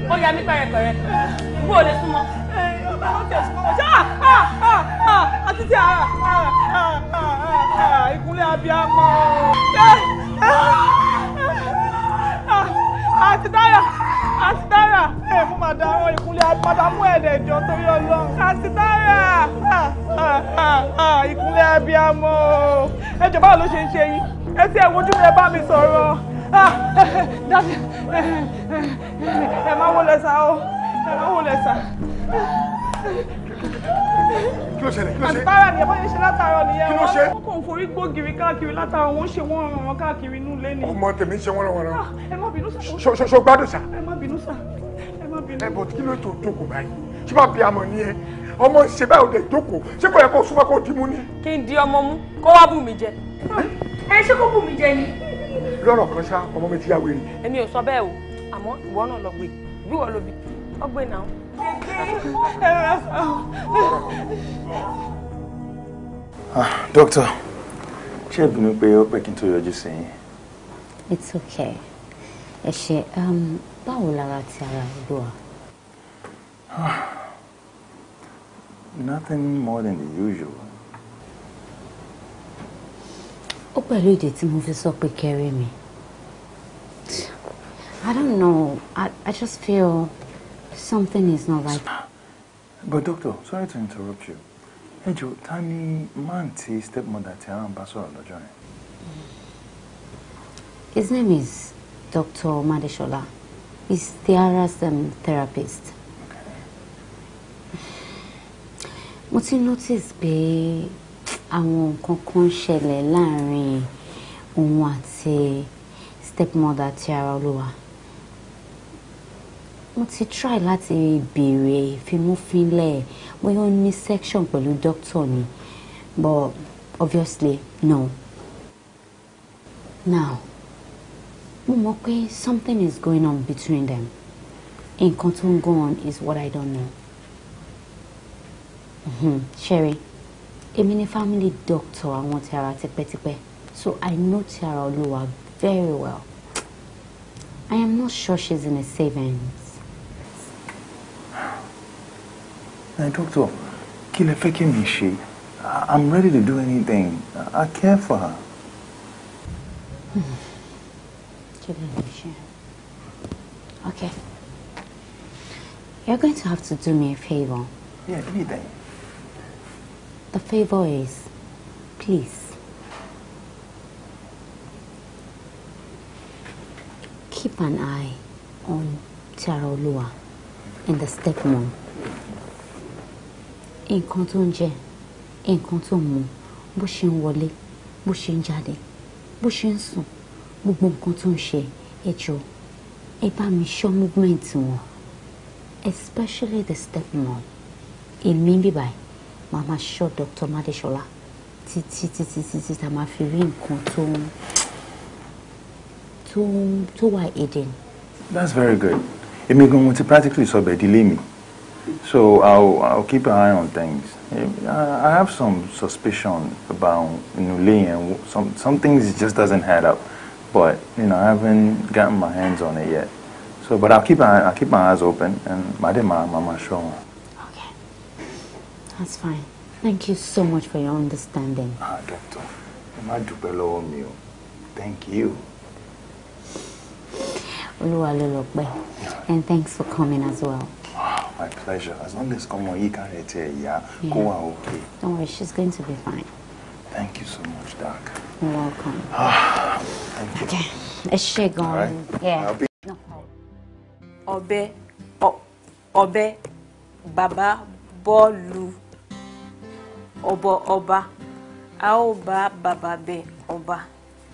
ó yà mí pẹ̀rẹ̀pẹ̀rẹ̀ bó o lè súnmọ́. ọba ọkẹ súnmọ́ ọjọ́ àti tí ìkúnlẹ̀ abiyamọ. àti dára àti dára ẹ mú màdà àwọn ìkúnlẹ̀ padà mú ẹ̀dẹ̀ jọ torí ọlọ́run. àti dára ìkúnlẹ̀ abiyamọ. ẹ jọba ló ṣe ń ṣe yín ẹ ti ẹ wojú rẹ bá mi sọ̀rọ̀. Ah, ẹ É wọlé sá o ẹ má wọlé sá. kí ló ṣẹlẹ̀ kí ló ṣe. àtàrà ni ẹ̀fọ́ yẹn ṣe látàrọ nìyẹn wọn. kí ló ṣe. wọn kò ń forí gbógiri káàkiri látàrọ wọn ṣe wọn ràn wọn káàkiri inú ilé ni. ọmọ tèmi ń ṣe wọn lọ́wọ́ náà. ẹ má bínú sá. ṣo gbádùn sá. ẹ má bínú sá. ẹ má bínú. ẹ bọ̀ kí ló tó tó kò báyìí ṣé bá bí amọ̀ ni ẹ ọmọ ṣe báyìí ò lè jókòó ṣé kò yẹ kó súnmọ́ kó dì mú ni. kí n di ọmọ mú kó wá bù mí jẹ. ẹ ṣé kó bù mí jẹ ni lọ́rọ̀ kan ṣá ọmọ mi ti yá wèrè. èmi ò sọ bẹ́ẹ̀ o àmọ́ ìwọ náà lọ gbé bí wọ́n lo bí ọgbẹ́ náà. Ah, dókítà ṣé ìbínú pé ó pẹ́ kí n tó yọjú sí yín. it's okay ẹ ṣe um, báwo lára ti ara ìlú wa. Ah, nothing more than the usual. ó pẹ̀lú ìdí tí mo fi sọ pé carry me. I don't know. I, I just feel something is not right. Ah, but doctor, sorry to interrupt you. Ẹ jọ̀ọ́, ta ni man tí stepmother tí a ń bá sọ̀rọ̀ lọ́jọ́ yẹn? His name is Dr. Madeshola. He's Tiara's um, therapist. Okay. Mo ti notice pé. Be àwọn nǹkan kan ṣẹlẹ̀ láàrin òun àti stepmother ti ara olúwa mo ti try láti béèrè ìfimúfínlẹ̀ bóyá ó ní section pẹ̀lú doctor ni but obviously no now mo mọ̀ pé something is going on between them nǹkan tó ń go on is what I don't know. Mm-hmm. Sherry èmi ni family doctor àwọn ti ara tipẹ́tipẹ́ so I know ti ara olúwa very well I am not sure she is in a safe hands. Hey, doctor, kí lẹ fẹ́ kí mi ṣe? I'm ready to do anything. I care for her. Kí lẹ fẹ́ ṣe? Okay. You're going to have to do me a favor. Yeah, anything. The favor is, please, keep an eye on Charolua and the stepmom. Nǹkan tó ń jẹ, nǹkan tó ń mu, bó ṣe ń wọlé, bó ṣe ń jáde, bó ṣe ń sùn, gbogbo nǹkan tó ń ṣe, ẹ jọ̀ọ́, ẹ bá mi ṣọ́ movement wọn, especially the stepmom. Èmi bíbáyìí màá máa ṣọ́ Dr. Madeṣọlá títí títí títí tá a máa fi rí nǹkan tó ń tó ń tó wà èdè. that's very good èmi gan mo ti practically sọ bẹ́ẹ̀ mi so i'll i'll keep an eye on things i have some suspicion about inú ilé some some things just doesn't add up but you know i haven't gotten my hands on it yet so but i'll keep my i'll keep my eyes open and màá dé màá màá show wọn. That's fine. Thank you so much for your understanding. Ah, doctor, ẹ má dúpẹ́ lọ́wọ́ mi o. Thank you. Olúwa ló lọ́pẹ́. And thanks for coming as well. Ah, my pleasure. As long as ọmọ yìí kan rẹ̀ tẹ̀ ìyá, kó okay. Don't worry, she's going to be fine. Thank you so much, Doc. You're welcome. Ah, thank you. Okay, ẹ ṣé gan All right. Yeah. I'll be no ọbẹ̀ ọbẹ̀ bàbá bọ́ọ̀lù. Oba Oba. Aoba Be Oba.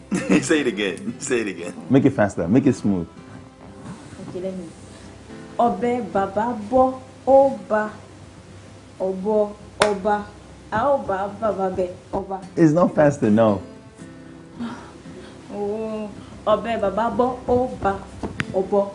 Say it again. Say it again. Make it faster. Make it smooth. Okay, let me. Obe Bo Oba. Obo Oba. Aoba Be Oba. It's not faster, no. Oh, Baba Bo Oba. Obo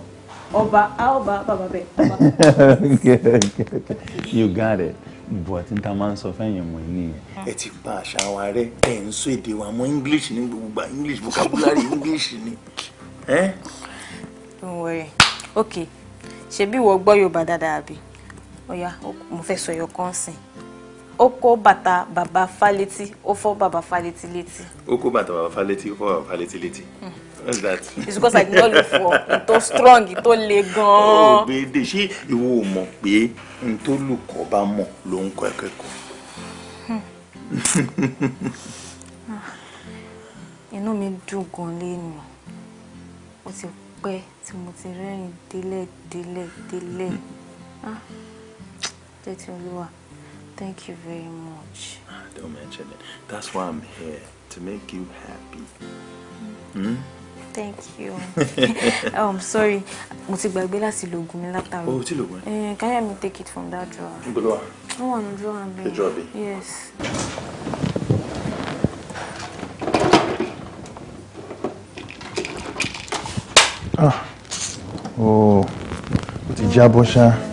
Oba Aoba Be Oba. Okay, okay. good. You got it but n ta máa ń sọ fẹ́yìn mọ̀ ní. ẹ ti pa àṣà wa rẹ ẹ ń sọ èdè wa mọ english ní gbogbo english vocabulary english ni. don't worry ok ṣebí ìwọ gbọ́ yorùbá dáadáa bí ó yá mo fẹ́ sọ yọ kọ́ńsìn. Oko bata baba bàbá Fálétí ó fọ́ bàbá Fálétí létí. ó kó bàtà bàbá Fálétí ó fọ́ bàbá hmm. what's that. it's because i know you for n tó strong n tó le gan-an. ọ̀gbẹ́dẹ oh, ṣé ìwọ ò mọ̀ pé n tó lùkọ́ bá mọ̀ ló ń kọ́ ẹ̀kẹ́kọ̀ọ́. Hmm. Ah, inú mi dùn gan lẹ́nu ó ti pẹ́ tí mo ti rẹ́rìn délẹ̀ délẹ̀ délẹ̀ ah, jẹ́ ti olúwa. Thank you very much. Ah, don't mention it. That's why I'm here, to make you happy. Hmm. Thank you. oh, I'm sorry. Mo ti gbàgbé láti lo mi látàrí. Oh, ti lo Eh, can you help me take it from that drawer? Níbo ló wà? drawer mi. The drawer bi? Yes. Ah. Oh. Ó ti jábọ́ ṣá.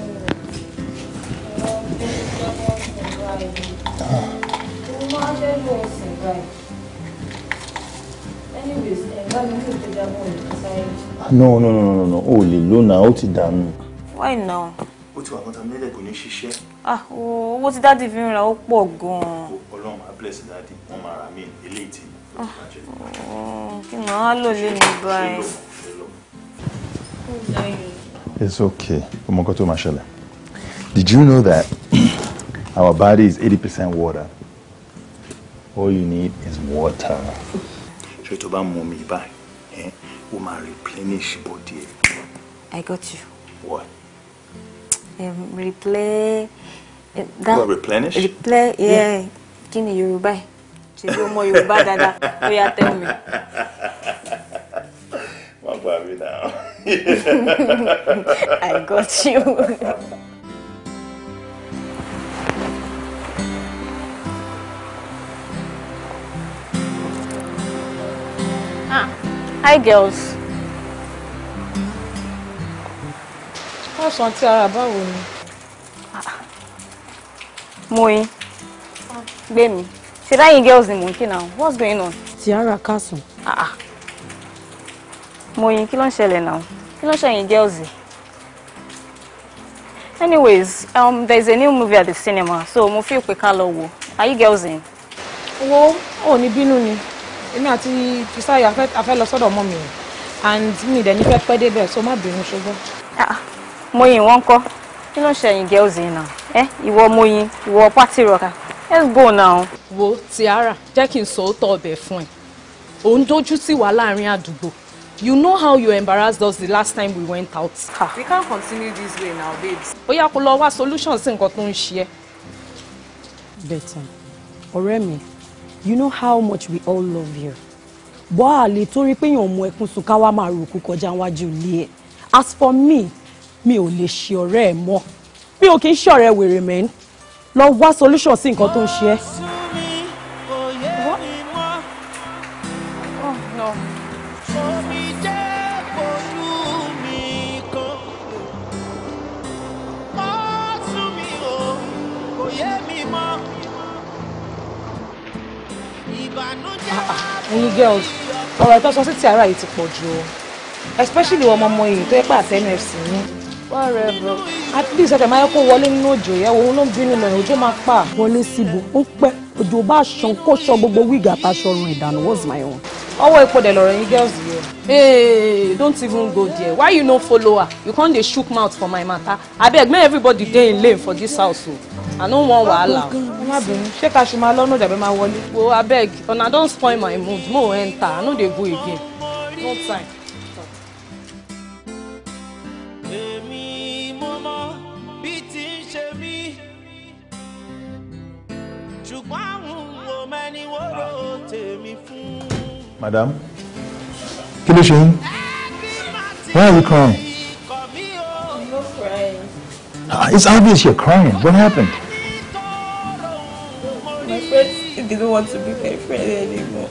no no no no no o lè lónà ó ti dànù. why now. ó ti wà contaminated kò ní ṣiṣẹ́. ah owó tí dáàdì fi ń ra ó pọ̀ gan-an. ọlọ́run máa bless dáàdì wọ́n máa ra mí eléyìí ti bàjẹ́. Ah, kí n máa mi báyìí. It's okay. Ọmọ nǹkan tó máa ṣẹlẹ̀. Did you know that our body is 80% water? All you need is water. Ṣé tó bá mú mi báyìí? ó replenish body I got you. What? Um, replay. Uh, that, what, replenish? Replay, yeah. Kini ni Yorùbá ẹ̀? Ṣé bí ọmọ Yorùbá Oh Ó tell me. Má gbà mí náà. I got you. ah. Hi, girls. What's on Tiara báwo ah. Moi. Gbemi. Ṣé báyìí girls ni mò ń kí náà? What's going on? Tiara Castle. Ah. ah. Moi, kí ló ń ṣẹlẹ̀ náà? Kí ló girls Anyways, um, there's a new movie at the cinema, so mo fi pé ká lọ Are you girls in? Wo, ò ní bínú èmi àti Fisai afẹ́ lọ sọ́dọ̀ ọmọ mi and mi dẹ̀ ní fẹ́ pẹ́ débẹ̀ so má bínú ṣùgbọ́n. Ah, Moyin wọn kọ kí ló ń ṣẹyìn girls yìí náà ẹ eh, ìwọ Moyin ìwọ party rocker let's go now. wo Tiara jẹ́ kí n sọ òótọ́ ọbẹ̀ fún ẹ òun dojú tì wá láàrin àdúgbò you know how you embarrassed us the last time we went out. Ha. we can't continue this way now babes. ó yá kó lọ wá solution sí nǹkan tó ń ṣe ẹ́. bẹ́ẹ̀ tán ọ̀rẹ́ mi you know how much we all love you bọ́ àlè torí pé èèyàn mú ẹkún sun ká wá máa ròkú kọjá wájú ilé ẹ̀ as for me mi ò lè ṣe ọ̀rẹ́ ẹ̀ mọ́ mi ò kì í ṣe ọ̀rẹ́ wèrè mẹ́rin lọ wá solution sí nǹkan tó ń ṣe ẹ́. girls ọ̀rọ̀ ìtọ́sọ sí ti ara yìí ti pọ̀ jù o especially ọmọ ọmọ yìí tó yẹ pé àtẹnfc ni. whatever at least ẹ̀fẹ̀ máa yẹ kó wọlé nínú òjò yẹ òun ló ń bínú lọ òjò máa pa. wọlé síbo ó pẹ́ òjò bá ṣan kó ṣan gbogbo wíìgì àtàṣọrun ìdànù what's my own ọwọ́ epo dẹ̀ lọ̀rọ̀ yín girls yìí hey don't even go there why you no follow her you come dey chook mouth for my matter abeg make everybody dey in lane for dis house o oh. i no wan wahala o. Oh, má bínú ṣé ká ṣùgbọ́n lọ́nà ìjàmbá máa wọlé. wo abeg una don spoil my mood mo enter i no dey go again no time. ṣùgbọ́n àwọn ọmọ ẹni wọ́n madam kí ló ṣe yín why are you crying uh, it's obvious you're crying what happened. my friend didn't want to be my friend anymore.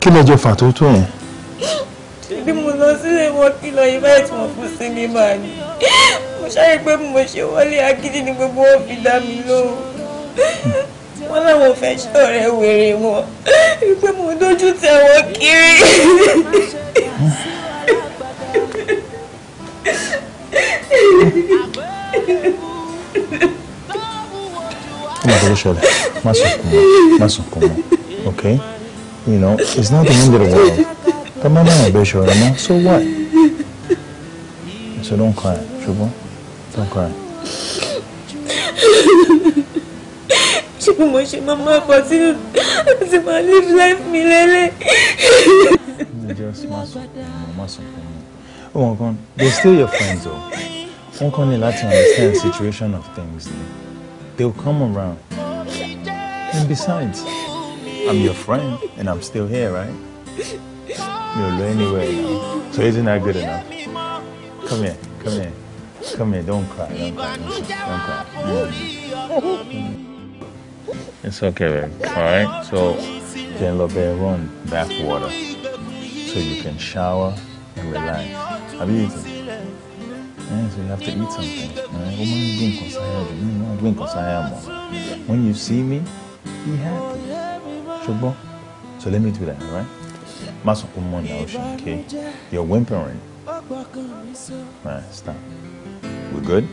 kí ló jọ fà tó tó yẹn. bí mo lọ sílé wọn kí lọ invite wọn fún sinimá ni mo ṣàyẹ̀ pé mo ṣe wọlé agídí ni gbogbo wọn fi dá mi lóhùn wọn láwọn fẹ́ ṣọ̀rẹ́ wèrè wọn wípé mo dójú tẹ wọn kiri. ó mà dọ́rọ̀ ṣọlẹ̀ má sunkún mọ́ má sunkún mọ́ you know it's not the end of the world tá man náà bẹ sure mọ́ so what so don't cry ṣùgbọ́n don't cry ṣé bí mo ṣe máa máa pọ̀ sínú àti máa live life mi lẹ́lẹ̀. just masun masun fún they still your friends o wọn kàn ní láti understand the situation of things they will come around and besides i'm your friend and i'm still here right mi ò anywhere now so isn't that good enough come here come here come here don't cry don't cry don't cry. Don't cry. Mm. Mm. It's okay, right? All right. So then Lobe run bath water, so you can shower and relax. Have you eaten? Yeah, so you have to eat something. Right? When you see me, be happy. So let me do that, right? Maso okay? You're whimpering. All right, stop. We're good?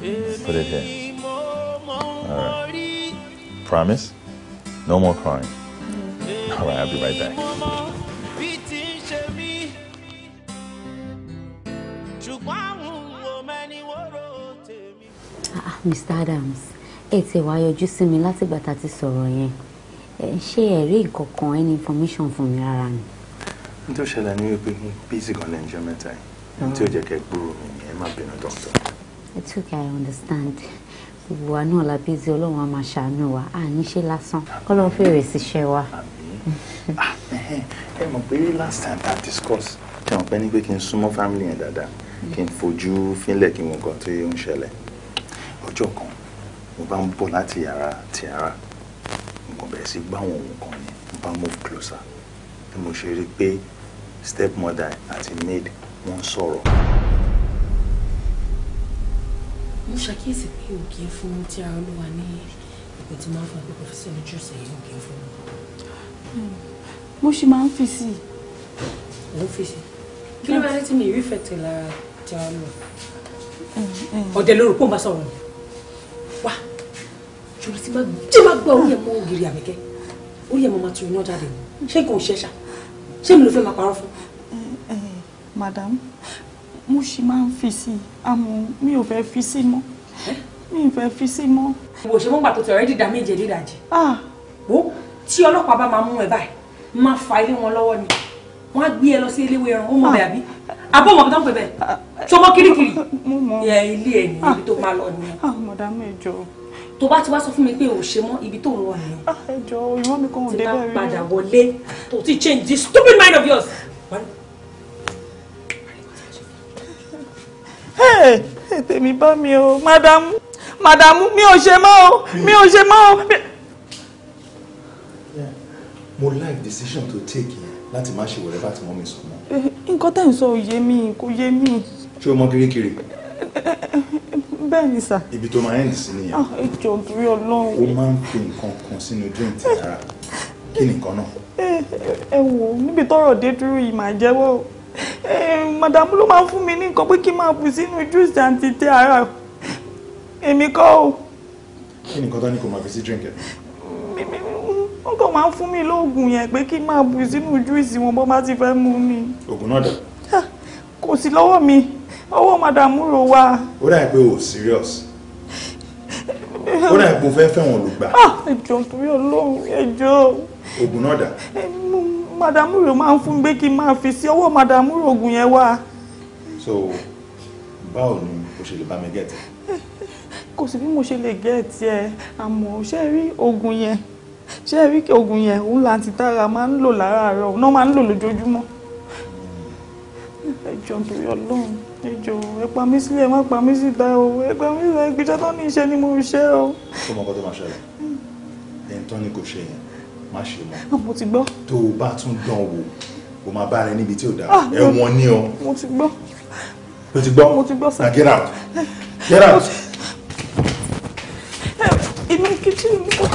Put it here. Promise? No more crying. Mm. All right, I'll be right back. Ah, Mr. Adams, ẹ ti wá yọjú sí mi látìgbà tá a ti sọ̀rọ̀ yẹn. Ṣé ẹ rí nǹkan any information fún mi rárá ni? N tó ṣẹlẹ̀ ní wípé mo bíìsì kan lẹ́nu jẹ́ mẹ́ta yìí. N tí ò jẹ́ kẹ́ gbúrò mi ni ẹ má bínú dọ́kítọ̀. It's okay, I understand gbogbo wa náà la bí ẹzẹ ọlọ́run a máa ṣàánú wa à níṣẹ́ lásán kọ́lọ́n fèrè síṣẹ́ wa. ẹ mọ̀ pé last time that discuss tí wọ́n pẹ́ ní pé kí n súnmọ́ family yẹn dáadáa kí n fojú fínlẹ̀ kí n wo nǹkan tó ń ṣẹlẹ̀ ọjọ́ kan mo bá ń bọ̀ láti yàrá ti ara nǹkan bẹ̀rẹ̀ sí gbáwọn òun kan ni mo bá move closer bí mo ṣe rí i pé stepmother àti maid wọ́n ń sọ̀rọ̀ mo ṣàkíyèsí pé o kì í fún tí ara olúwa ní ìpè tí máa ń fún àgbẹ̀kọ̀ fẹsẹ̀ lójú ọ̀sẹ̀ yìí o kì í fún mi. mo ṣì máa ń fi sí i. mo ń fi sí i kí ló bá dé tí mi ìrí ìfẹ̀tẹ̀ lára tí ara lọ. Mm, mm. ọ̀dẹ̀ ló rò pé ó máa sọ̀rọ̀ ni wá jòlè tí máa gbọ́ orí ẹ̀ mọ́ ògiri àmìkẹ́ orí ẹ̀ mọ́ máa tu iná jáde ṣé kò ń ṣẹ́ṣà ṣé mi ló fẹ́ máa parọ́ fún. Eh, eh, madam mo ṣì máa ń fi sí i àmọ́ mi ò fẹ́ fi sí mọ́ mi ò fẹ́ fi sí mọ́. ìwò ṣe mọ́gbà tó ti ọ̀rẹ́ dìdá méje dídàjì. Ah! wo tí ọlọ́pàá bá máa mú ẹ báyìí máa fa ilé wọn lọ́wọ́ ni wọ́n á gbé ẹ lọ sí ilé ẹran ó mọ bẹ́ẹ̀ àbí ah! àbọ̀ mọ̀ tó ń pè bẹ́ẹ̀ ṣọmọ kirikiri ah! ilé ẹ̀ nìyẹn ibi tó máa lọ nìyẹn. mọ̀dàmú ẹ jọ̀ọ́ tó bá ti wá sọ fún mi pé ò ṣe mọ ibi tó ń lọ nìyẹn. ẹjọ ìwọ mi kàn ń débẹ̀ rí. ti bá padà change this stupid mind of yours. tèmi bá mi o madamu madamu mi ò ṣe mọ́ o mi ò ṣe mọ́ o. mo like decision to take yẹn láti má ṣe wẹ̀rẹ̀ bá ti mọ́ mi sọ mọ́. Eh, nǹkan tẹ́ ń sọ yé mi kò yé mi. ṣé o mọ kirikiri bẹ́ẹ̀ ni sà. ibi tó máa end sí nìyẹn. ìjọ ah, torí ọlọ́run. ó máa ń fi nǹkan kan sínú drink ti ara kí nìkan náà. Eh, ẹ wò níbi tọ́rọ̀ dé dúró yìí máa jẹ́wọ́. Eh, Madame, ló máa ń fún mi ní nǹkan pé kí n máa bù sínú juice àti tẹ ara èmi kọ́ o. kí ni nǹkan tó ní kò máa fi sí drink ẹ. wọ́n kàn máa ń fún mi lóògùn yẹn pé kí n máa bù sínú juice wọn bó bá ti fẹ́ mú mi. oògùn náà dà. kò sí lọ́wọ́ mi ọwọ́ màdàmú rò wá. ó dà pé o serious ó dà pé o fẹ́ fẹ́ wọn lùgbà. Ah, ẹjọ́ torí Ọlọ́run ẹjọ́. oògùn náà dà madam ro máa ń fún mi pé kí n máa fi sí ọwọ́ madam ro oògùn yẹn wá. so báwo ni o ṣe lè bá mi gẹ̀ẹ́tì. kò sí bí mo ṣe lè gẹ̀ẹ́tì ẹ àmọ́ ṣé ẹ rí oògùn yẹn ṣé ẹ rí oògùn yẹn òun láti tára máa ń lò láràárọ̀ òun náà máa ń lò lójoojúmọ́. ẹ jọ̀ọ́ nítorí ọlọ́run ẹ jọ̀ọ́ ẹ pa mí sílẹ̀ má pa mí síta o ẹ pa mí sílẹ̀ ìgbésẹ̀ tó ní iṣẹ́ ni mo ṣe o. kó mọ ọkọ tó máa ṣẹlẹ̀ ẹni tó ní kò ṣe yẹn má ṣe mọ́. Ah, mo ti gbọ́. tó o bá tún dán wò o máa bá rẹ níbi tí ò dáa ah, ẹ̀wọ̀n ni o. mo ti gbọ́. o ti gbọ́. mo ti gbọ́ sir. na get out get out. inú kitchen mi kọ́.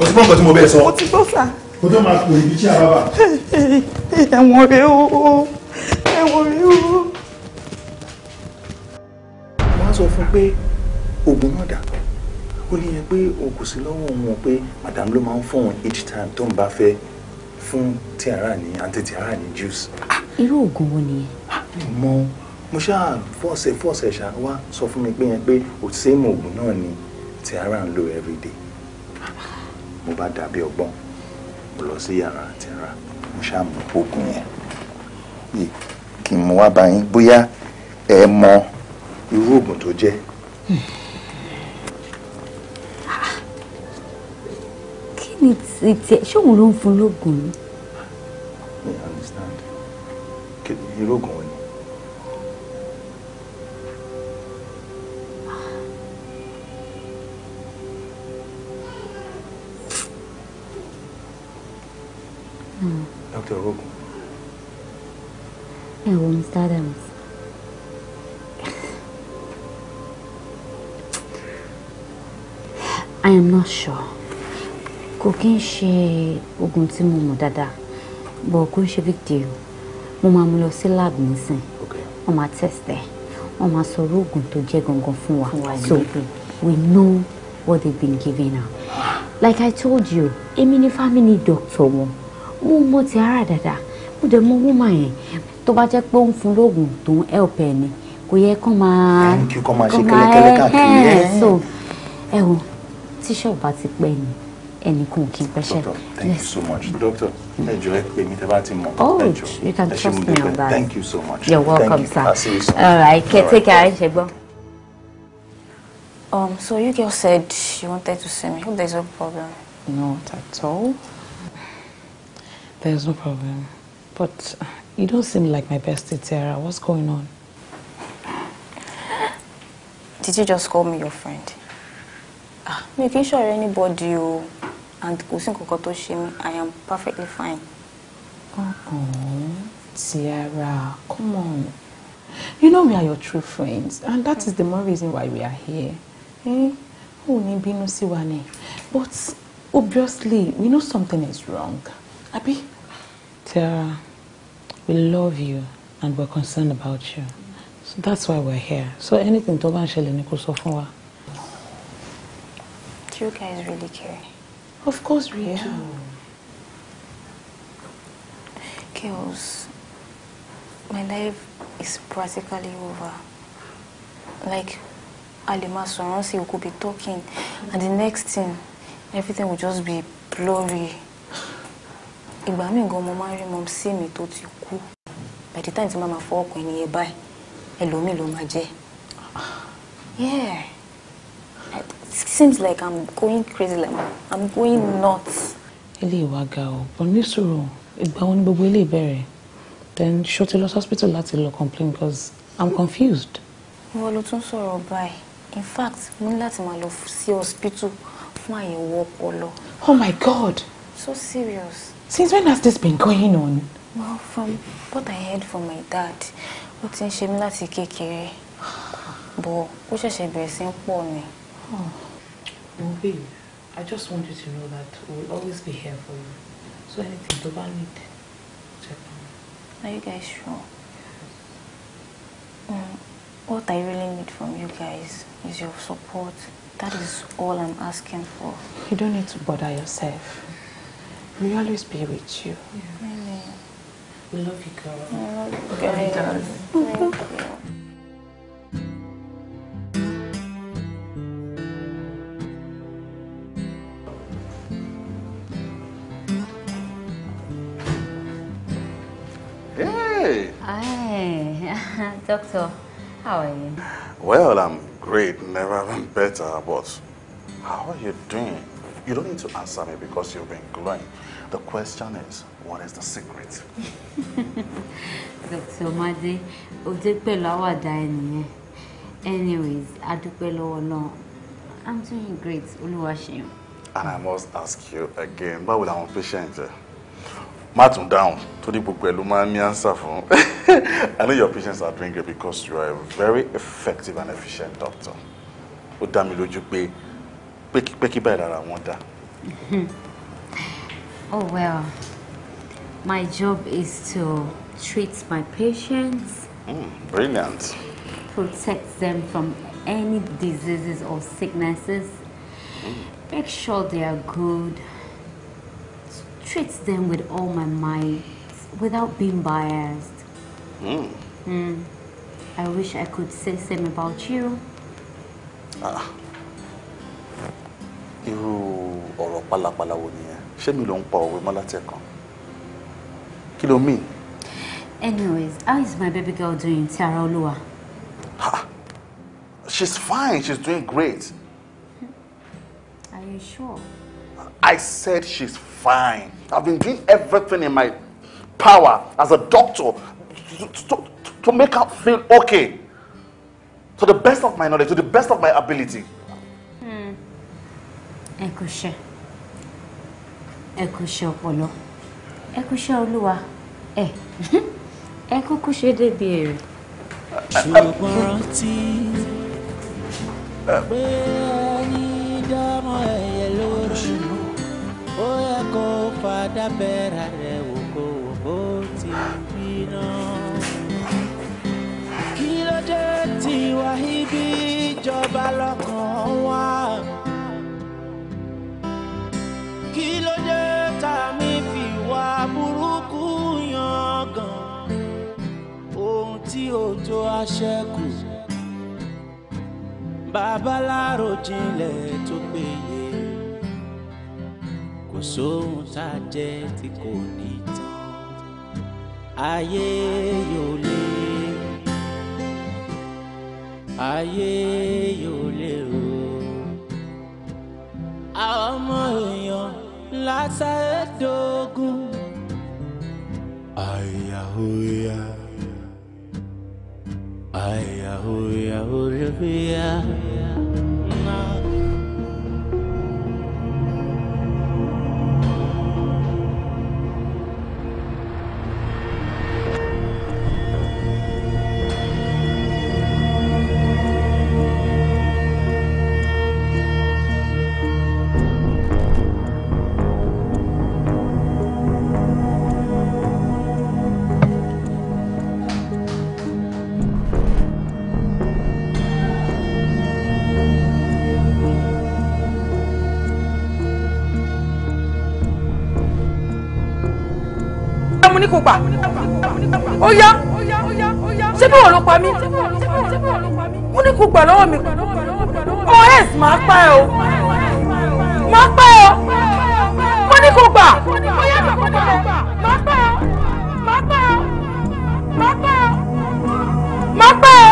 o ti gbọ́ nǹkan tí mo bẹ́ẹ̀ sọ. mo ti gbọ́ sir. kó tó máa pè ibi tí a bá bà. ẹ̀wọ̀n rẹ o ẹ̀wọ̀n rẹ o. wọ́n á sọ fún un pé oògùn náà dà ó ní yẹn pé òun kò sí lọ́wọ́ òun pé madam ló máa ń fún òun each time tó ń bá fẹ́ fún tiara ní àǹtí tiara ní juice. Ah, irú oògùn wo nìyẹn. Ah, mo mo ṣáà fọ́ọ̀sẹ̀ fọ́ọ̀sẹ̀ ṣá wá sọ fún mi pé yẹn pé òtísẹ́mù oògùn náà ni tiara ń lò everyday mo bá dàbí ọgbọ́n mo lọ sí yàrá tiara mo ṣáà mú oògùn yẹn kí n mú wá bá yín bóyá ẹ mọ irú oògùn tó jẹ́. Hmm. ni tiẹ̀ ló ń fún lóògùn ni. I understand kìdí irógun wọn ni. Dr. Rogun. Ẹ wo Mr. Adams. I am not sure kò kí ń ṣe oògùn tí mo mọ̀ dáadáa bọ̀ kò ń ṣe big mo máa mú lọ sí lab nísìn wọ́n máa test ẹ̀ wọ́n máa sọ irú oògùn tó jẹ́ gangan fún wa so we know what they've been giving her like I told you èmi ni family doctor wọn mo mọ ti ara dáadáa mo dẹ̀ mọ woman yẹn tó bá jẹ́ pé ó ń fún lóògùn tó ń help ẹ ni kò yẹ kó máa kó máa ẹ ẹ so ẹ wo tíṣọ̀ bá ti pẹ́ ni ẹnìkan kì í pẹ́ṣẹ́. doctor thank yes. you so much doctor ẹ jọ̀ọ́ ẹ pè mí tẹ́ bá ti mọ̀ ẹ jọ̀ọ́ you can trust me on that thank you so much you're welcome thank you. sir you so all right take care ẹ ṣe gbọ́. Um, so you girl said you wanted to see me. Hope there's no problem. Not at all. There's no problem. But uh, you don't seem like my bestie, Tara. What's going on? Did you just call me your friend? Ah, you can anybody you and kò sí nǹkan kan tó ṣe mí I am perfectly fine. Tiara, come on. You know we are your true friends, and that is the more reason why we are here. Eh? Oh, ni bínú sí wa ni. But obviously, we know something is wrong. Abi? Tiara, we love you and we're concerned about you. So that's why we're here. So anything tó bá ń ṣẹlẹ̀ ni kó sọ fún wa. Do you guys really care? Of course we yeah. do. Girls, my life is practically over. Like, Alima Soronsi we could be talking, and the next thing, everything will just be blurry. Ìgbà mi gan mo máa ń see me sí mi tó ti kú. By the time tí màmá fọ́ ọkùnrin yẹn báyìí, ẹlòmíì Yeah. It seems like i'm going crazy like i'm going hmm. nuts. ilé ìwà ga o but ní sùúrù ìgbà wo ni gbogbo ilé ìbẹ̀rẹ̀ then ṣó ti lọ hospital láti lọ complain because i'm confused. wọ́n ló tún sọ̀rọ̀ báyìí in fact mo ní láti máa lọ sí hospital fún àyẹ̀wò ọpọlọ. oh my god. so serious. since when has this been going on. well from what i heard from my dad ó ti ń ṣe mí láti kékeré bọ̀ ó ṣẹ̀ṣẹ̀ bẹ̀rẹ̀ sí ń pọ̀ ni. Oh, well, babe, I just want you to know that we'll always be here for you. So anything do I need? check on. Are you guys sure? Um, what I really need from you guys is your support. That is all I'm asking for. You don't need to bother yourself. We'll always be with you. Really? We love you, girl. I love you, Thank you. Doctor, how are you? Well, I'm great, never been better, but how are you doing? You don't need to answer me because you've been glowing. The question is, what is the secret? Doctor Made, o dé pẹ̀lú Anyways, a dúpẹ́ lọ́wọ́ I'm doing great, Olúwaṣeyìn. And I must ask you again, báwo làwọn patient ẹ? má tún dáhùn torí gbogbo ẹ ló máa ń ní answer fún I know your patients are doing great because you are a very effective and efficient doctor ó dá mi lójú pé pẹ́kípẹ́kí báyìí lára wọn dá. Oh well, my job is to treat my patients. Mm, brilliant. Protect them from any diseases or sicknesses. Mm. Make sure they are good treats them with all my might without being biased. Mm. Mm. I wish I could say same about you. Ah. Irú oro pálapàla wo nìyẹn? Ṣé mi ló ń pa òwe mọ́ láti ẹ̀kan? Kí Anyways, how is my baby girl doing, Tiara Olúwa? Ha! She's fine. She's doing great. Are you sure? I said she's fine. I've been doing everything in my power as a doctor to, to, to make her feel okay. To the best of my knowledge, to the best of my ability. Hmm. Ẹ kú ṣẹ́. Ẹ kú ṣẹ́ ọpọlọ. Ẹ kú ṣẹ́ olúwa. Ẹ mhm. ẹ kúkú ṣe débi èrè. Ṣùgbọ́n rántí eh, eh. pé ẹni dámọ̀ ẹ̀yà kó fadá bẹ́ra rẹ̀ wò kó wò bó ti gbiná. kí ló dé tí Wahidi jọba lọ́kàn wá. kí ló dé tá a mi fi wá burúkú yangàn. ohun tí òjò aṣẹ́kù babalárò jinlẹ̀ tó péye sóhun tá a jẹ tí kò ní tán ayé yóò lé ayé yóò lé o àwọn ọmọ èèyàn látàdógún. àyàhóyà àyàhóyà hórébíyà. kò gbà ó yá ṣé bí wọ́n ló pa mí mo ní kò gbà lọ́wọ́ mi oh yes máa pa ẹ o máa pa ẹ o mo ní kò gbà ó yá kò gbà máa pa ẹ o máa pa ẹ o máa pa ẹ o.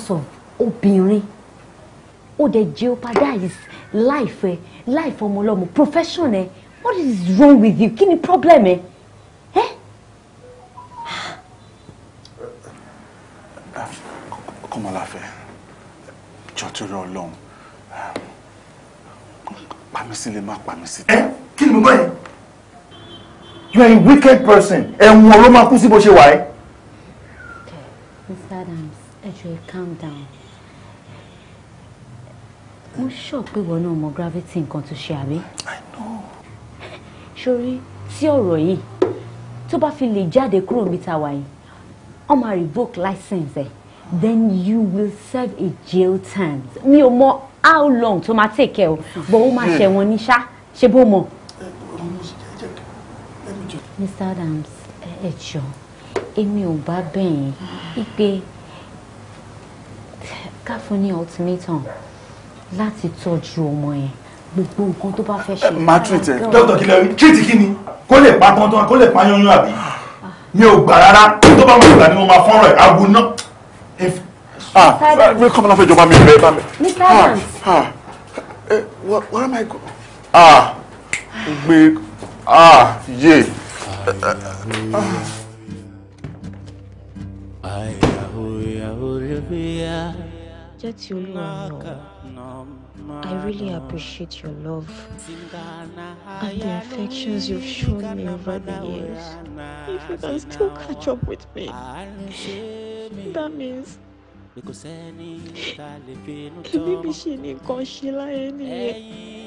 because of obìnrin ó dẹ̀ jeopardize life ẹ life ọmọlọ́mọ profession ẹ what is wrong with you kí ni problem ẹ. Eh? Kọ́mọláfẹ́ jọ torí Ọlọ́run pa mí sílẹ̀ má pa mí sílẹ̀. ẹ kí ni mo bá yẹ. you are a wicked person ẹ̀wọ̀n ló máa kú sí bó ṣe wà ẹ́ ẹjọ calm down mo sure people know more gravity nǹkan tó ṣe àbí. I know. Shuri, tí ọ̀rọ̀ yìí tó bá fi lè jáde kúrò níbi tá a revoke license ẹ̀ then you will serve a jail term Me ò mọ how long to máa take care o but ó máa ṣẹ̀wọ̀n ní ṣá ṣe Mr. Adams ẹ jọ̀ọ́ èmi ò bá bẹ̀yìn ipe ká fún ní ultimatum láti tọ́jú ọmọ yẹn gbogbo nǹkan tó bá fẹ́ ṣe. máa treat ẹ dókítà kìlẹ̀ rí treat kí ni kó lè pa tọ́ntọ́n kó lè pa yányán àbí mi ò gbà rárá tó bá wọn gbà ni mo máa fọ́nrọ̀ ẹ̀ aago náà. ah, ah mi come mi náà fẹ́ jọba mi bẹ́ẹ̀ bá mi. mr ah, adams. ah eh, where am I go. ah gbé ah yé. Yeah jẹ́ ti olúwa náà I really appreciate your love and the affections you've shown me over the years if you can still catch up with me that means ẹbí mi ṣe nìkan ṣe láyé nìyẹn.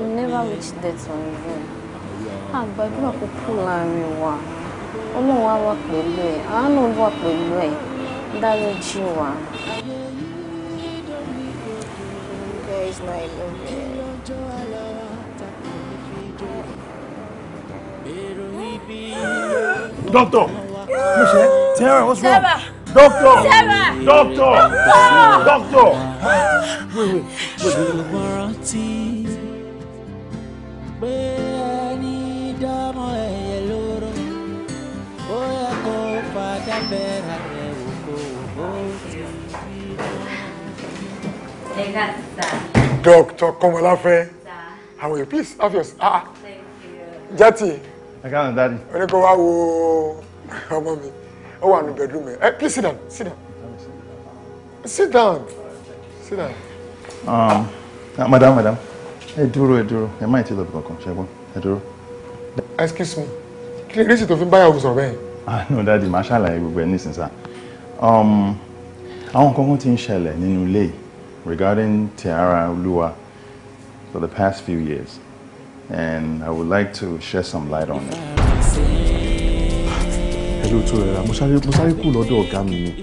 you never reach that on you àgbàdúrà kò kú láàrin wa ọlọ́run wà pẹ̀lú ẹ̀ àánú wà pẹ̀lú ẹ̀ dáríjì wa. Doctor, Michelle, Tara, what's Sarah. wrong? Doctor, Sarah. Doctor, Doctor, Doctor. Wait, wait, wait pé ẹni dánmọ ẹyẹ lóró ó yẹ kó fàdá bẹ́ẹ̀rẹ̀ rẹ̀ òkò ó ti fi mọ́. ẹ ká ti How are you? Please, have yours. Ah, ah. Thank you. Jati. I can't, Daddy. When you go out, oh, mommy. Oh, I'm in the bedroom. Eh, please sit down. Sit down. Sit down. Sit down. Um, madam, madam ẹ dúró ẹ dúró ẹ má ì tí lọ bí kankan ṣẹgbọn ẹ dúró. excuse me kí ni rísì tó fi ń báyàwó sọ̀rọ̀ bẹ́ẹ̀. ah no dadi màá ṣàlàyé gbogbo ẹ nísìnyí sá um, àwọn kankan ti ń ṣẹlẹ̀ nínú ilé regarding Tiara Olúwa for the past few years and I would like to shed some light on it. ẹ̀rọ tó rẹ̀ ra mo sáré kù lọ́dọ̀ ọ̀gá mi ni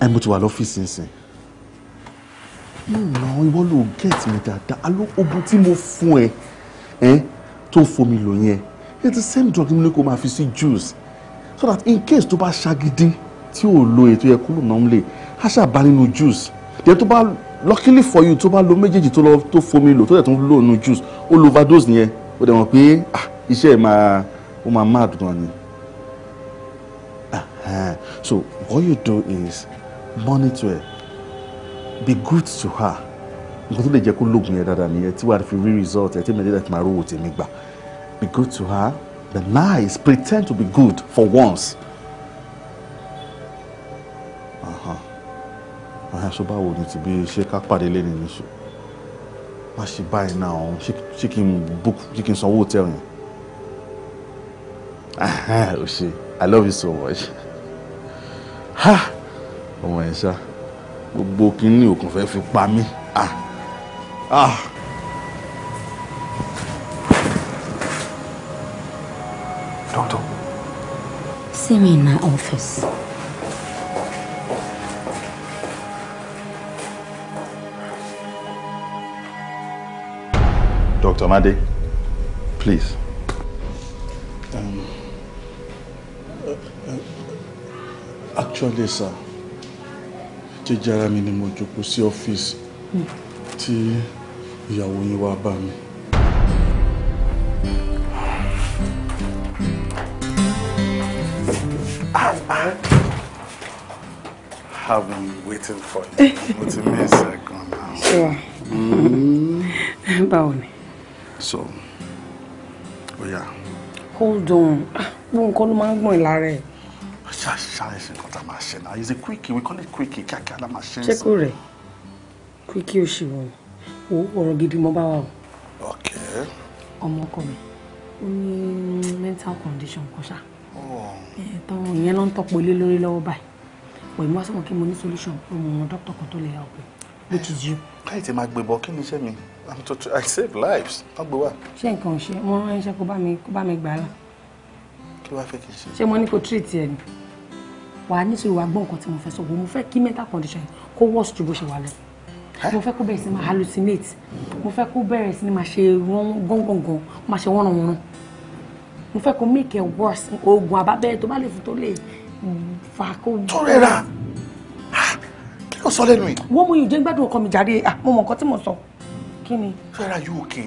ẹ̀ mo ti wà lọ́fíìsì nísìnyí ìnà ìwọ ló get mi dáadáa aló ogun tí mo fún ẹ tó ń fomi lò yẹn it's the same drug ní kò máa fi sí juice so that in case tó bá ṣagídí tí ò lo ètò yẹ kúrò náà lè á ṣàbá nínú juice then tó bá luckily for you tó bá lo méjèèjì tó lọ tó fomi lò tó dẹ̀ tó ń lò nínú juice ó lo overdose yẹn ó dẹ̀ mọ̀ pé ah, iṣẹ́ ẹ̀ máa ó máa máa dùn gan ni. so what you do is monitor it be good to her nǹkan tó lè jẹ́ kó lóògùn yẹn dáadáa nìyẹn tí wàá fi rí result ẹ̀ tí mi nílẹ̀ tí màá rówó tèmi gbà be good to her be nice pretend to be good for once. àwọn aṣọ báwo ni ti bí ṣé ká pàdé lé nínú ṣe má ṣe báyìí náà ọ̀hún ṣé kí n book ṣé kí n sanwó hòtẹ́ẹ̀lì yẹn. o ṣe I love you so much. ha ọmọ yẹn ṣáá gbogbo kínní òkun fẹ́ fi pa mí. Ah. Ah. Doctor. See me in my office. Dr. Made, please. Um, uh, uh actually, sir jíjẹ ara mi ni mo jókòó sí ọ́fíìsì hmm. tí ìyàwó yín wá bá mi. I've been waiting for you. Eh. Mo ti miss ẹ gan now. Sure. Hmm. Báwo ni? So, oya. Hold on, mo ah, nǹkan ló máa ń gbọ̀n lára ẹ̀ ah it's a quickie we call it quickie kíákíá la máa ṣe é. ṣé quickie ò ṣì wọ̀n o ọ̀rọ̀ gidi mo bá wà o. ok. ọmọ ọkọ mi ó ní mental condition kan ṣá. Oh. tọ́wọ́ ìyẹn ló ń tọ́pọ̀ ilé lórí lọ́wọ́ báyìí pẹ̀lú wá sọ̀rọ̀ kí mo ní solution pé mo mọ dókítà kan tó lè help which is you. káyì tí máa gbébọn kí ni iṣẹ́ mi i'm to i save lives má gbé wá. ṣé nǹkan ṣe mo rán iṣẹ́ kó bá mi kó bá mi gbà á là. kí wàá fẹ́ kí n mo ní kó treat ẹ ni wà á níṣòro wà á gbọ́ nǹkan tí mo fẹ́ sọ wò mo fẹ́ kí mental condition kó worse ju bó ṣe wà lọ mo fẹ́ kó bẹ̀rẹ̀ sí máa hallucinate mo fẹ́ kó bẹ̀rẹ̀ sí máa ṣe gángangan máa ṣe wọ́nranwọ́nran mo fẹ́ kó make it worse oògùn àbábẹ́rẹ́ tó bá lè fún tó lè fa kó. tó rẹ̀ ah, kí ló sọ lẹ́nu yìí. wọ́n mú ìjẹ́ gbádùn ọkọ mi jàre ah, mo mọ nǹkan tí mo sọ kí ni. rẹ́ra yóò kí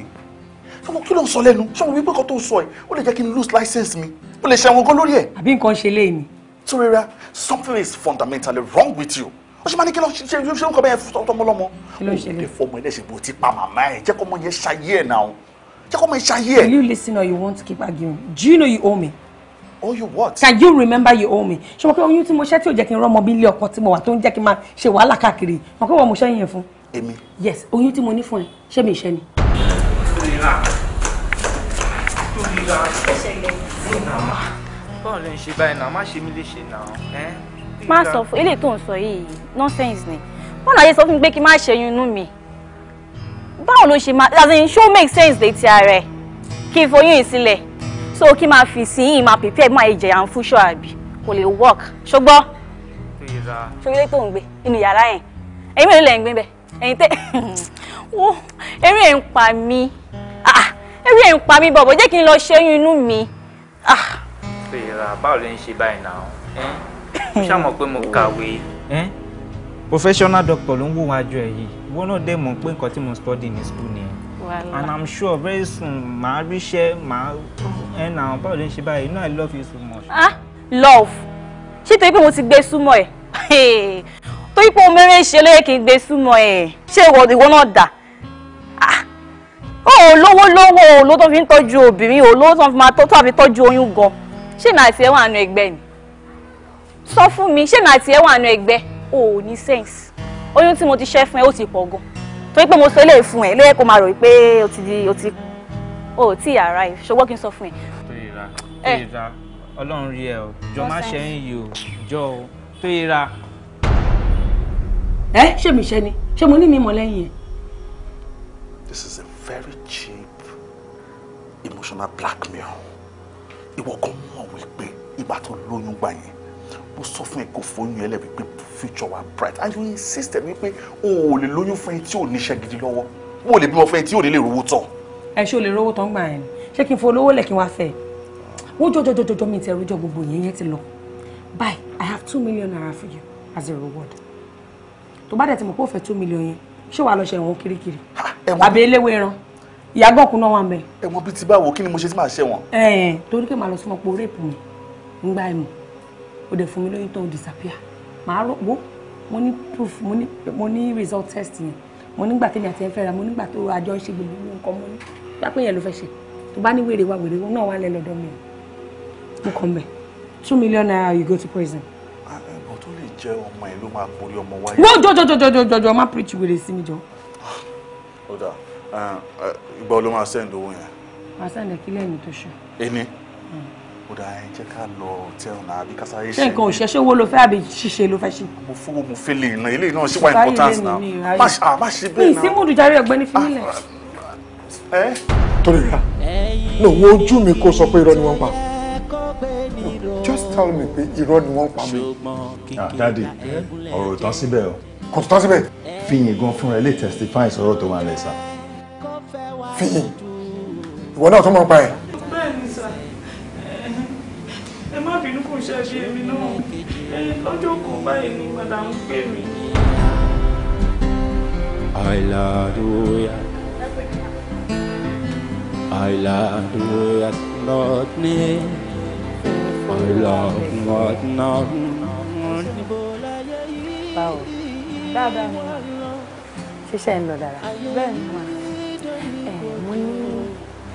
sọmọ kí ló sọ lẹ́nu sọmọ wípé kan tó sọ ẹ̀ ó lè jẹ́ kí n lose license mi ó lè ṣe àwọn gan lórí ẹ̀. àbí nǹkan ṣe léyìn ni so something is fundamentally wrong with you ó ṣe máa ní kí ló ṣe ṣe ń kọ bẹ́ẹ̀ tọmọlọmọ ó lè fọmọ ẹlẹ́sìn bó ti pa màmá ẹ̀ jẹ́ kó mọ yẹn ṣayé ẹ̀ náà jẹ́ kó mọ yẹn ṣayé ẹ̀. will you listen or you want to keep arguing do you know you owe me. owe oh, you what. can you remember you owe me ṣé mo pé oyún tí mo ṣẹ́ tí ò jẹ́ kí n rọ́mọ bí ilé ọkọ tí mo wà tó ń jẹ́ kí n máa ṣe wàhálà káàkiri mo pé wọ́n mo ṣẹ́ yẹn fún. èmi. yes oyún tí mo ní fún ẹ ṣé mi ìṣẹ́ ni. ó lè báwo ló ń ṣe báyìí náà má ṣe mí léṣe náà. má sọ fún ilé tó ń sọ yìí nonsense ni wọn náà yẹ sọ fún mi pé kí n má ṣe inú mi báwo ló ṣe máa as in show make sense létí ara ẹ kí n foyún ìsílẹ̀ so kí n máa fi sí yìí máa prepare máa jẹ̀yà fún ṣọ́ àbí kò lè work ṣùgbọ́n ṣòwílé tó ń gbé inú yàrá yẹn ẹ̀yin mélòó lẹ̀ ń gbé bẹ́ẹ̀ ẹ̀yin tẹ́ wo eré ẹ̀ ń pa mí ah, eré ẹ̀ ń pa mí bọ̀bọ̀ jẹ́ kí n lọ ṣẹ́yún inú mi. Ah pé ra báwo lè ń ṣe báyìí náà mo ṣàmọ̀ pé mo kàwé. professional doctor ló ń wò wájú ẹ yìí ìwọ náà dẹ̀ mọ̀ pé nǹkan tí mo study ní school nìyẹn and i'm sure very soon màá ríṣẹ́ màá ẹ náà báwo lè ń ṣe báyìí you know i love you so much. ah love ṣé torí pé mo ti gbé súnmọ́ ẹ̀ torí pé omi rẹ̀ ṣe lóye kí n gbé súnmọ́ ẹ̀ ṣé ìwọ náà dà ó ah, lówó lówó ó ló tó fi ń tọ́jú obìnrin ó ló tó fi máa tó tó àfi tọ́jú oyún gan-an ṣé mi àti wà nù ẹgbẹ́ ni sọ fún mi ṣé mi àti wà nù ẹgbẹ́ o ò ní sense oyún tí mo ti ṣẹ́ fún ẹ ó ti pọ̀ gan torí pé mo sọ fún ẹ lóyẹ kó máa rò pé o ti di o ti o ti arrive ṣùgbọ́n kí n sọ fún ẹ. Tóyìrá eh. Tóyìrá ọlọ́run rí ẹ o jọ má ṣẹ́yìn yìí o jọ o Tóyìrá. ẹ ṣé mi ṣe ni ṣé mo ní mi mọ lẹ́yìn ẹ. this is a very cheap emotional blackmail ìwọ kan mú ìgbà tó lóyún gbà yẹn mo sọ fún ẹ kó fóyún ẹ lẹ́bi pé future wa bright and you insisted wípé o ò lè lóyún fún ẹ tí ò níṣẹ́ gidi lọ́wọ́ o ò lè bímọ fún ẹ tí ò ní rówó tán. ẹ ṣé o lè rówó tán gbà yẹn ṣé kí n fọ olówó lẹ wá fẹ́ wọn mi ti ẹrújọ gbogbo yẹn yẹn ti lọ bye i have two million naira for you as a reward tó bá dẹ̀ ti mọ̀ pé ó fẹ́ two million yẹn ṣé wàá lọ ṣe ẹ̀wọ̀n kirikiri àbí eléwé ẹran ìyá gbọ̀kúná wà mẹ́. ẹ̀wọ̀n bíi ti báwo kí ni mo ṣe tí màá ṣẹ̀wọ̀n. ẹ torí pé màá lọ sọmọ pé ó rèpù mi ń gba ìmọ̀ ó dẹ̀ fún mi lóyún tó disappear màá rò wó mo ní proof mo ní mo ní result test yẹn mo nígbà tẹ́lẹ̀ àti ẹ̀fẹ́ ra mo nígbà tó àjọ ń ṣe gbogbo nǹkan mo ní gbà pé yẹn ló fẹ́ ṣe tó bá ní wèrè wa wèrè wọn náà wà lẹ́ lọ́dọ̀ mi mo kàn bẹ̀ two million naira you go to prison. àgbà tó lè jẹ ọmọ ẹ ló máa borí ọmọ wáyé. wọ́n jọjọjọjọjọjọ má preach wèrè sí mi jọ. ó dà ìgbà wo ló máa send owó yẹn. màá send ẹ̀ kílẹ̀ mi tó ṣù. ẹni ọ̀dà ẹ jẹ́ ká lọ hòtẹ́ẹ̀lì àbí kásá yé ṣe. ṣé nǹkan ò ṣẹṣẹ́ wo ló fẹ́ àbí ṣíṣe ló fẹ́ ṣe. mo fowó mo fẹ́ lè na eléyìí náà ṣì wà important náà má ṣe bẹ́ẹ̀ náà. ìsímùdù jàre ọ̀gbẹ́ni fílẹ̀. ẹ torí ra no wo ojú mi kó sọ pé irọ́ ni wọ́n pa just tell me pé irọ́ ni wọ́n pa mi. Ah, dadi ọ̀rọ̀ ìtàn síbẹ̀ o. kò tán síbẹ̀. fihìn gan fúnra ẹ lè testify sọ̀rọ̀ tó máa lẹ̀ sá. fihìn ìwọ náà tó máa pa ẹ̀. ṣàṣe mi náà lọ́jọ́ kan báyìí ni padà ń pè mí. Hallelujah. Hallelujah is not Báwo, dáadáa ni ṣíṣe ń lọ dára. Bẹ́ẹ̀ni ma, ẹ̀ mo ní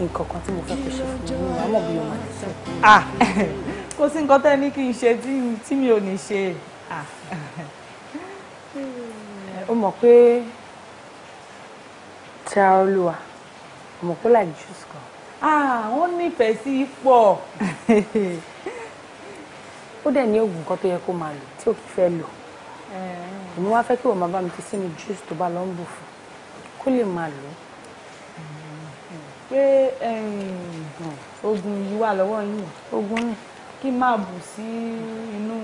nǹkan kan tí mo fẹ́ kó ṣe fún mi, àmọ́ bí o máa ń ah! sọ. kò sí nǹkan tẹ́ ní kí n ṣe tí mi ò ní ṣe o mọ̀ pé tara olúwa o mọ̀ pé láì jùsù kan. wọ́n nífẹ̀ẹ́ sí pọ̀. ó dẹ̀ ní oògùn kan tó yẹ kó máa lò tí ò kì í fẹ́ lò èmi wá fẹ́ kí wọ́n máa bá mi ti sínú jùsù tó bá lọ bù fún kó lè máa lò ó. pé oògùn yìí wà lọ́wọ́ yín. oògùn ni kí n máa bù sí inú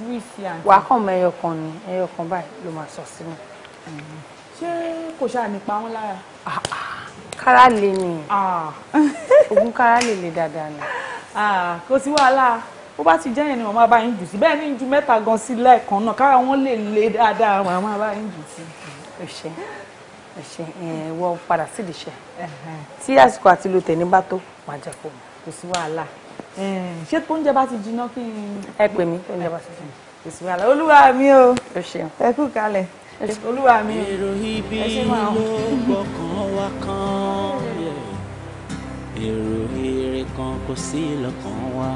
júwìsì àǹtí. wàá kàn mọ ẹyọ kan ni ẹyọ kan báyìí ló máa sọ sínú. ṣé kò ṣáà nípa wọn lára. kára lè ní ogun kára lè lè dáadáa ni. kò sí wàhálà bó bá ti jẹ́ yẹn ni màmá bá yín jù sí bẹ́ẹ̀ ni ju mẹ́ta gan sí lẹ́ẹ̀kan náà kára wọn lè le dáadáa màmá bá yín jù sí. ẹ ṣe ẹ ṣe wọ padà sídìí iṣẹ́ tí àsìkò àti lu tẹ̀ ní bá tó máa jẹ kó kò sí wàhálà. Eh, ṣé oúnjẹ bá ti jiná kí n. ẹ pè mí oúnjẹ bá ti jiná. bisimilá olúwa mi o ẹ kú kalẹ̀ olúwa mi o èrò ibi ló gbọ̀kàn èrò ire kan kò sí lọ́kàn wa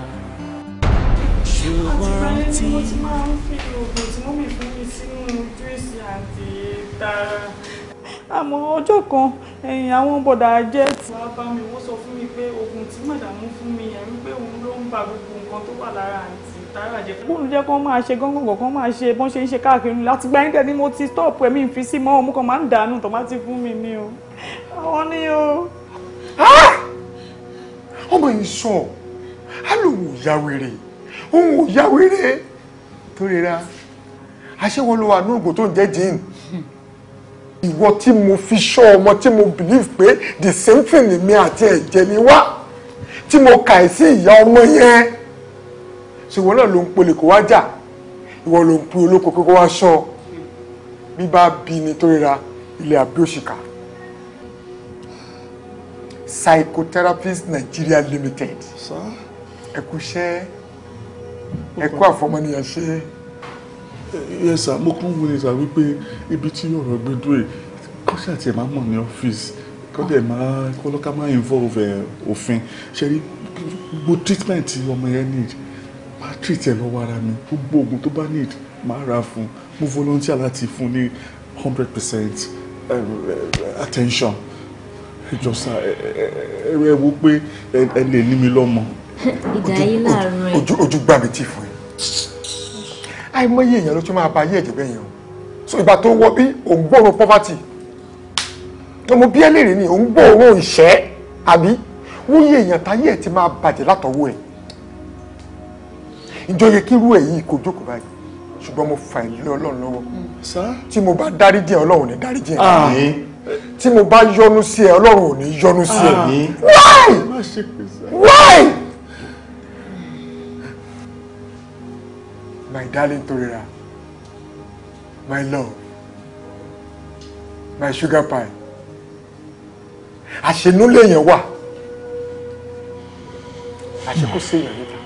ṣùgbọ́n rántí. mo ti máa ń fi oògùn tí mo mi fún mi sínú dírẹ́sì àti tààrà àmọ́ ọjọ́ kan àwọn bọ̀dà jẹ́ tí wọ́n bá mi wọ́n sọ fún mi pé oògùn tí màdàmú fún mi yẹn wípé òun ló ń ba gbogbo nǹkan tó wà lára àǹtí tààrà jẹ́. bóun jẹ́ kó máa ṣe gángan kan máa ṣe bọ́n ṣe ń ṣe káàkiri láti gba ẹ̀ńtẹ́ ni mo ti stop ẹ̀mí fi sí mọ́ ọmú kan máa ń dànù tó bá ti fún mi ni o àwọn ni o. ọmọ yìí sọ alòun ò ya wèrè òun ò ya wèrè tó rira àṣẹ wọn ló wà ní ìwọ tí mo fi ṣọ́ ọmọ tí mo believe pé the same thing ni mi àti ẹ̀jẹ̀ ni wá tí mo kà í sí ìyá ọmọ yẹn ṣùgbọ́n náà ló ń polè kó wá jà ìwọ ló ń pe olóko pé kó wá ṣọ́ bí bá bí ni tó ríra ilé àbíòṣìkà psychotherapist Nigeria Limited ẹ kú iṣẹ́ ẹ kú àfọmọnìyàn ṣe yes sir mo kàn wọlé sà wípé ibi tí ọ̀rọ̀ gbé dúró yìí kọ́ṣà tiẹ̀ máa mọ̀ ní ọ́fíìsì kọ́ dẹ̀ máa kọ́ lọ́ka máa involve eh, òfin ṣe rí gbogbo treatment ọmọ yẹn need máa treat ẹ lọ́wọ́ ara mi gbogbo oògùn tó bá need máa ra fún mo volunteer láti fún ní hundred percent eh, eh, attention ẹjọ sá ẹ wo pé ẹ lè ní mi lọ́mọ. ìjà yìí láàárọ̀ ẹ ojú gbà mí fún ẹ àìmọye èèyàn ló tún máa ba ayé ẹ̀jẹ̀ bẹ́ẹ̀ yẹn o so ìgbà tó wọ bí òun gbóòórùn poverty ọmọ bí ẹlẹ́rìí ni òun gbóòórùn ìṣẹ́ àbí wọ́n yé èèyàn táyé ẹ̀ ti máa bàjẹ́ látọwọ́ ẹ̀ ìjọyè kírú ẹ̀ yìí kò jókòó báyìí ṣùgbọ́n mo fà ilé ọlọ́run lọ́wọ́ tí mo bá dáríjì ọlọ́run ò ní dáríjì ẹ̀ ah. tí mo bá yọnu sí ẹ ọlọ́run ò ní yọnu sí ẹ why why. my darling Torira, my love, my sugar pie. Àṣenú lèèyàn wà, àṣekú sí èèyàn níta.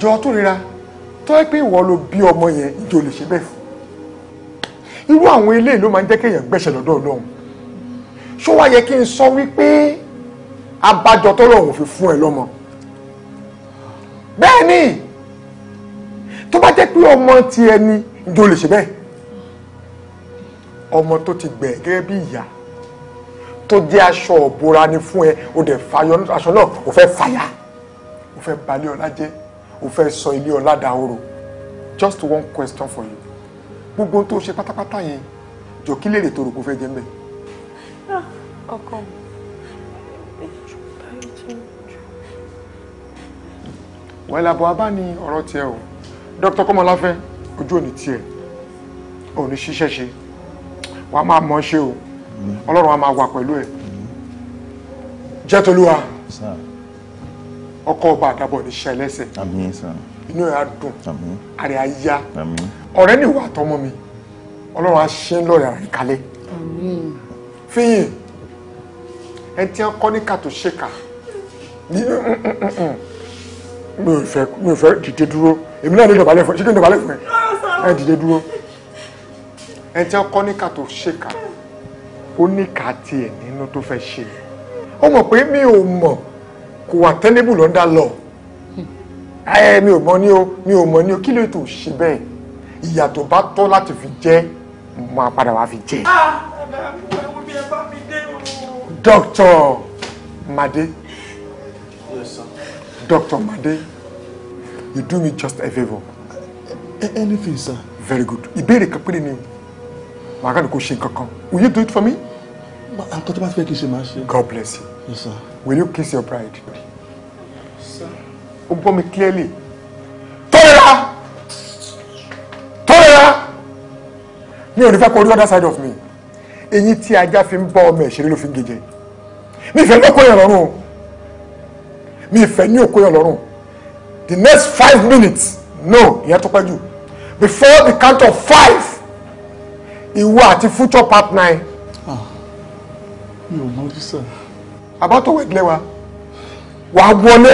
Jọ Torira, tó ẹ pé ìwọ ló bí ọmọ yẹn ìjọ lè ṣe bẹ́ẹ̀ fún. Irú àwọn eléyìí ló máa ń jẹ́ kéèyàn gbẹ̀ṣẹ̀ lọ́dọ̀ Ọlọ́run. Ṣó wá yẹ kí n sọ wípé abájọ tọ́lọ́run fi fún ẹ lọ́mọ. Bẹ́ẹ̀ ni tó bá jẹ́ pé ọmọ ti ẹni ǹjẹ́ o lè ṣe bẹ́ẹ̀ ọmọ tó ti gbẹ̀ gẹ́gẹ́ bí ìyá tó jẹ́ aṣọ òbora ni fún ẹ o dẹ̀ fàyọ aṣọ náà o fẹ́ fàyà o fẹ́ balẹ̀ ọlá jẹ́ o fẹ́ sọ ilé ọlá dahoro just one question for you gbogbo tó ṣe pátápátá yẹn jọ kí lèrè tó rò kó fẹ́ jẹ́ mbẹ́. Ah, ọkọ mi wọ́n làbọ̀ abá ni ọ̀rọ̀ tiẹ̀ o dr kọmọláfẹ́ ojú òní tiẹ̀ òní ṣiṣẹ́ ṣe wàá máa mọ̀ ṣe o ọlọ́run á máa wà pẹ̀lú ẹ̀ jẹ́tolúwa ọkọ̀ ọba àdàbọ̀ ní ṣẹlẹ́sẹ̀ inú ẹ̀ á dùn àrẹ̀ á yá ọ̀rẹ́ ní ìwà àtọmọ mi ọlọ́run á ṣe ń lọ́ọ̀rẹ́ àrẹ̀ kalẹ̀ fíyìn ẹ ti ń kọ́ níkà tó ṣèkà mi ò fẹ́ mi ò fẹ́ dìde dúró èmi náà lè dọ̀bálẹ̀ fún ẹ ṣé kí n dọ̀bálẹ̀ fún ẹ ẹ dìde dúró ẹ tí wọn kọ́ níkà tó ṣèkà ó níkà tiẹ̀ nínú tó fẹ́ ṣe ó mọ̀ pé mi ò mọ̀ kò wà tẹ́lẹ̀bù lọ́ndà lọ ẹ mi ò mọ̀ ní o mi ò mọ̀ ní o kí ló tó ṣe bẹ́ẹ̀ ìyà tó bá tọ́ láti fi jẹ́ mo padà wá fi jẹ́. dókítà Màdé. Dr. Made, you do me just a favor. Anything, sir. Very good. Ìbéèrè kan péré ni màá kàn kó ṣe nǹkan kan. Will you do it for me? Nǹkan tó bá ti fẹ́ kí n ṣe God bless you. Yes, sir. Will you kiss your bride? Sir. O gbọ́ mi clearly. Tora, Tora. Mi ò ní fẹ́ kó orí other side of me. Eyín tí ajá fi ń bọ́ ọmọ ẹ̀ṣẹ̀rẹ́ ló fi ń gèjè. Mi ìfẹ́ lọ́kọ̀ọ́ ìrọ̀rùn o mi ìfẹ́ ní òkú yẹn lọ́rùn the next five minutes no ìyẹn tó pẹ́ jù before the count of five ìwọ àti future partner ẹ. Ah, mi ò mọ dísà. àbátọ̀wọ̀ ìdílé wa wà á wọlé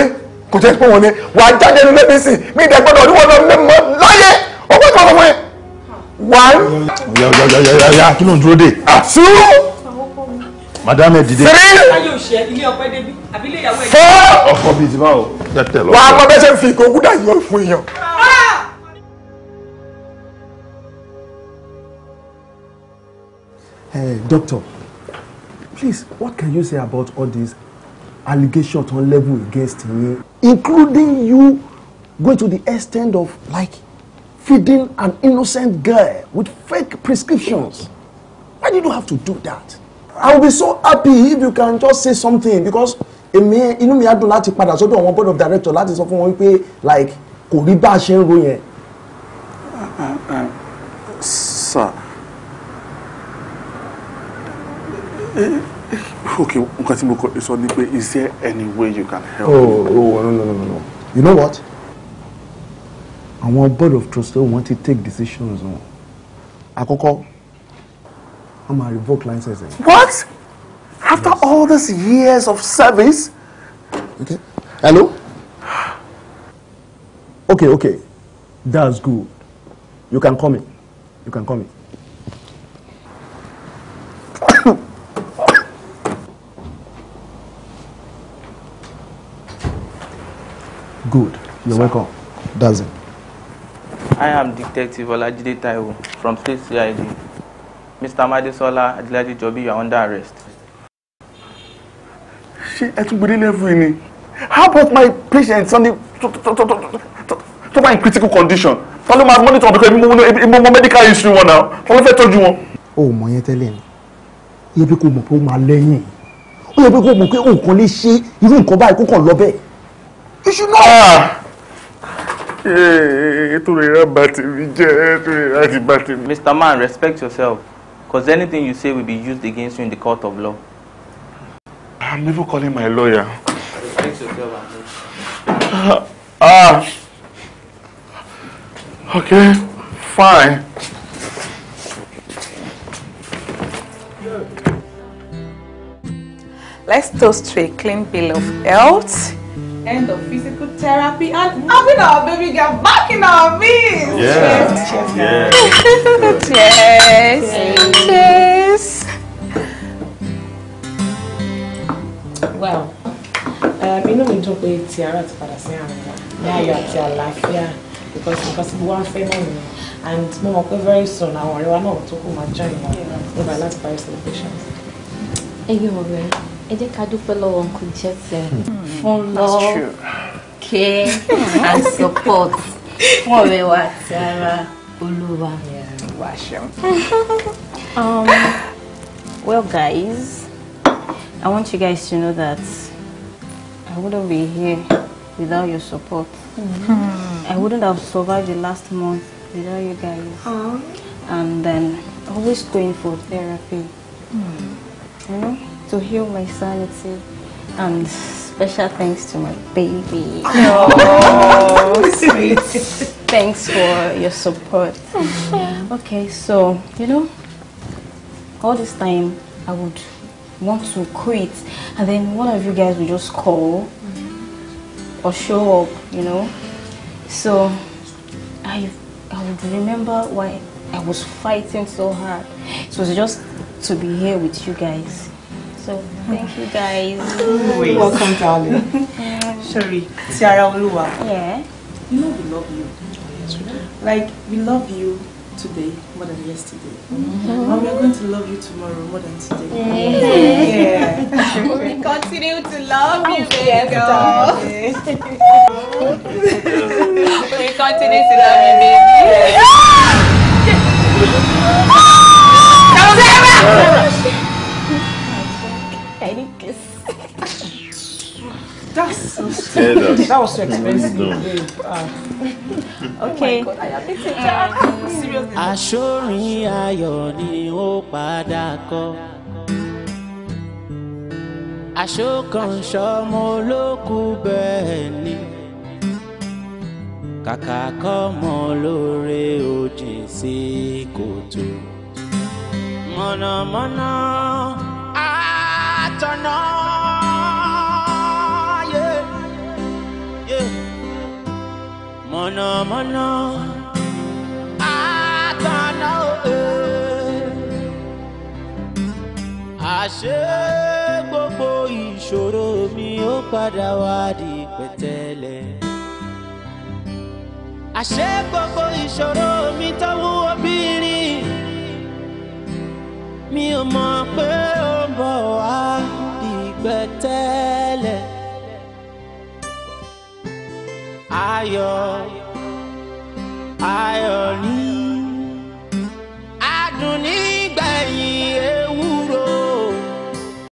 kò jẹ́ pé wọlé wà á jáde nílé mi sí mi ìdẹ́ gbọ́dọ̀ oníwọ̀n náà lè mọ láyé ọgbẹ́ tó lọ́wọ́ ẹ. one. ọ̀yà ọ̀yà ọ̀yà kí ló ń dúró dé. two madame dìde. three four ọkọ bíi ti báwo. wàá mọ bẹ́ẹ̀ ṣe ń fi ìgò gúdà yọ fún èèyàn. Hey, eh, doctor, please, what can you say about all these allegations on level against me, including you going to the extent of like feeding an innocent girl with fake prescriptions? Why did you have to do that? I will be so happy if you can just say something because èmi inú mi á dùn láti padà sọ́dọ̀ àwọn board of director láti sọ fún wọn wípé like kò rí bá a ṣe ro yẹn. sir okay nǹkan tí is there any way you can help oh, oh no no no no you know what àwọn board of trustee want to take decisions wọn àkọ́kọ́. I'm máa revoke license what after yes. all these years of service. Okay. hello okay okay that's good you can come in you can come in. Good. You're Sir. welcome. That's it. I am Detective Olajide Taiwo from State CID. Mr. Madesola Adilaji Jobi, you are under arrest. Ṣé ẹ tún gbèdé level yìí ni? How about my patient Sunday to to my critical condition? Ta ló máa monitor because ebi mo ebi mo medical history wọn náà, ta ló fẹ́ tọ́jú wọn? O mọ̀ yẹn tẹ́lẹ̀ ni, iye bí kò mọ̀ pé ó máa lẹ́yìn, ó yẹ bí kò mọ̀ pé òǹkan lè ṣe irú nǹkan báyìí kó kàn lọ bẹ́ẹ̀. Iṣu náà ètò ìrẹ́bà tèmi jẹ́ ètò ìrẹ́bà tèmi. Mr. Man, respect yourself. Because anything you say will be used against you in the court of law. I'm even calling my lawyer. Respect yourself Ah. Okay, fine. Let's toast to a clean bill of health end of physical therapy and having our baby girl back in our midst. Yeah. Cheers. Yeah. Cheers. Cheers. Cheers. Cheers. Well, um, inú mi dùn pé ti ara ti padà sí àrùn wa ní ayọ̀ àti because because we wa ń and mo We're very soon I àwọn ọ̀rẹ́ wa náà tó kù máa join wa last láti celebrations. Thank you, ọ̀rẹ́ ẹ jẹ́ ká dúpẹ́ lọ́wọ́ uncle jesse fún love care and support fún ọ̀rẹ́ wa àti Um, well, guys, I want you guys to know that I wouldn't be here without your support. Mm -hmm. I wouldn't have survived the last month without you guys. Aww. And then always going for therapy. Mm. You know? to heal my sanity. And special thanks to my baby. Oh, sweet. thanks for your support. Okay, so, you know, all this time I would want to quit. And then one of you guys would just call or show up, you know. So I, I would remember why I was fighting so hard. It was just to be here with you guys. So thank you guys. Always. Welcome, darling. yeah. Sherry, Tiara Oluwa. Yeah. You know we love you. Like we love you today more than yesterday. Mm-hmm. And we are going to love you tomorrow more than today. Mm-hmm. Yeah. yeah. we continue to love you, baby yes, girl. we continue to love you, baby. Yes. tiny kiss. That's so stupid. that was too expensive. okay. Oh ah. ayọ̀ ni ó padà kọ́. Aṣọ́kànṣọ́mọ olókù bẹ́ẹ̀ ni. Kàkà kọ́mọ lóore òjì sí kòtò. Mọ̀nàmọ́ná matter Mana, mana. Atana, e, Àṣé gbogbo ìṣòro mi ó padà wá di pẹ̀tẹ́lẹ̀. Àṣé gbogbo ìṣòro mi tawo wúwo mi ò mọ̀ pé ó ń bọ̀ wá dìgbẹ́tẹ́lẹ̀ ayọ̀ ayọ̀ ni adùn nígbẹ̀yìn èrè. E.